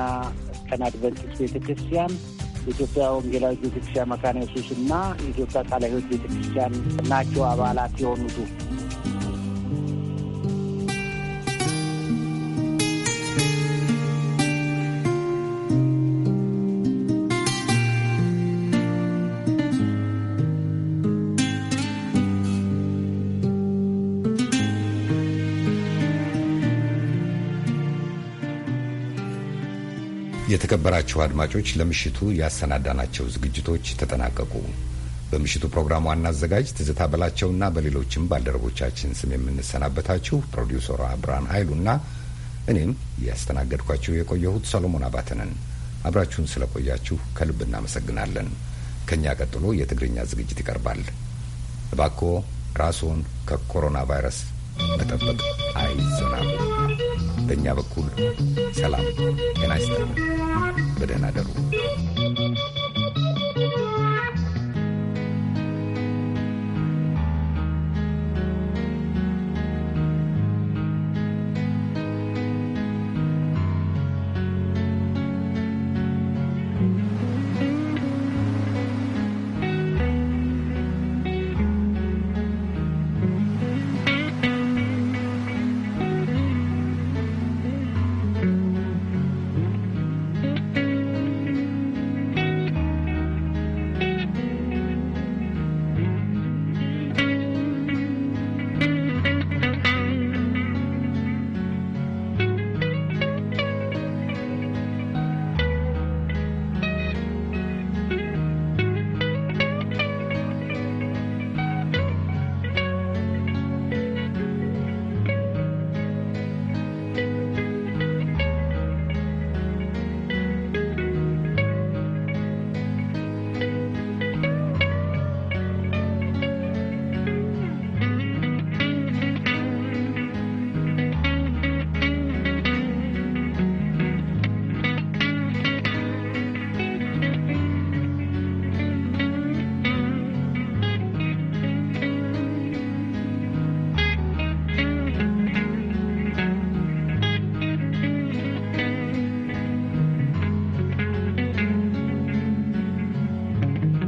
ቀን አድቨንቲስት ቤተ ክርስቲያን የኢትዮጵያ ወንጌላዊ ክርስቲያን መካነ ኢየሱስ እና የኢትዮጵያ ቃለ ሕይወት ክርስቲያን ናቸው አባላት የሆኑቱ የተከበራችሁ አድማጮች ለምሽቱ ያሰናዳናቸው ዝግጅቶች ተጠናቀቁ። በምሽቱ ፕሮግራም ዋና አዘጋጅ ትዝታ በላቸውና በሌሎችም ባልደረቦቻችን ስም የምንሰናበታችሁ ፕሮዲውሰሯ ብርሃን ኃይሉና እኔም ያስተናገድኳችሁ የቆየሁት ሰሎሞን አባተንን አብራችሁን ስለቆያችሁ ከልብ እናመሰግናለን። ከእኛ ቀጥሎ የትግርኛ ዝግጅት ይቀርባል። እባክዎ ራስዎን ከኮሮና ቫይረስ መጠበቅ አይዘናም። በእኛ በኩል ሰላም ጤና ይስጥልኝ። በደህና ደሩ።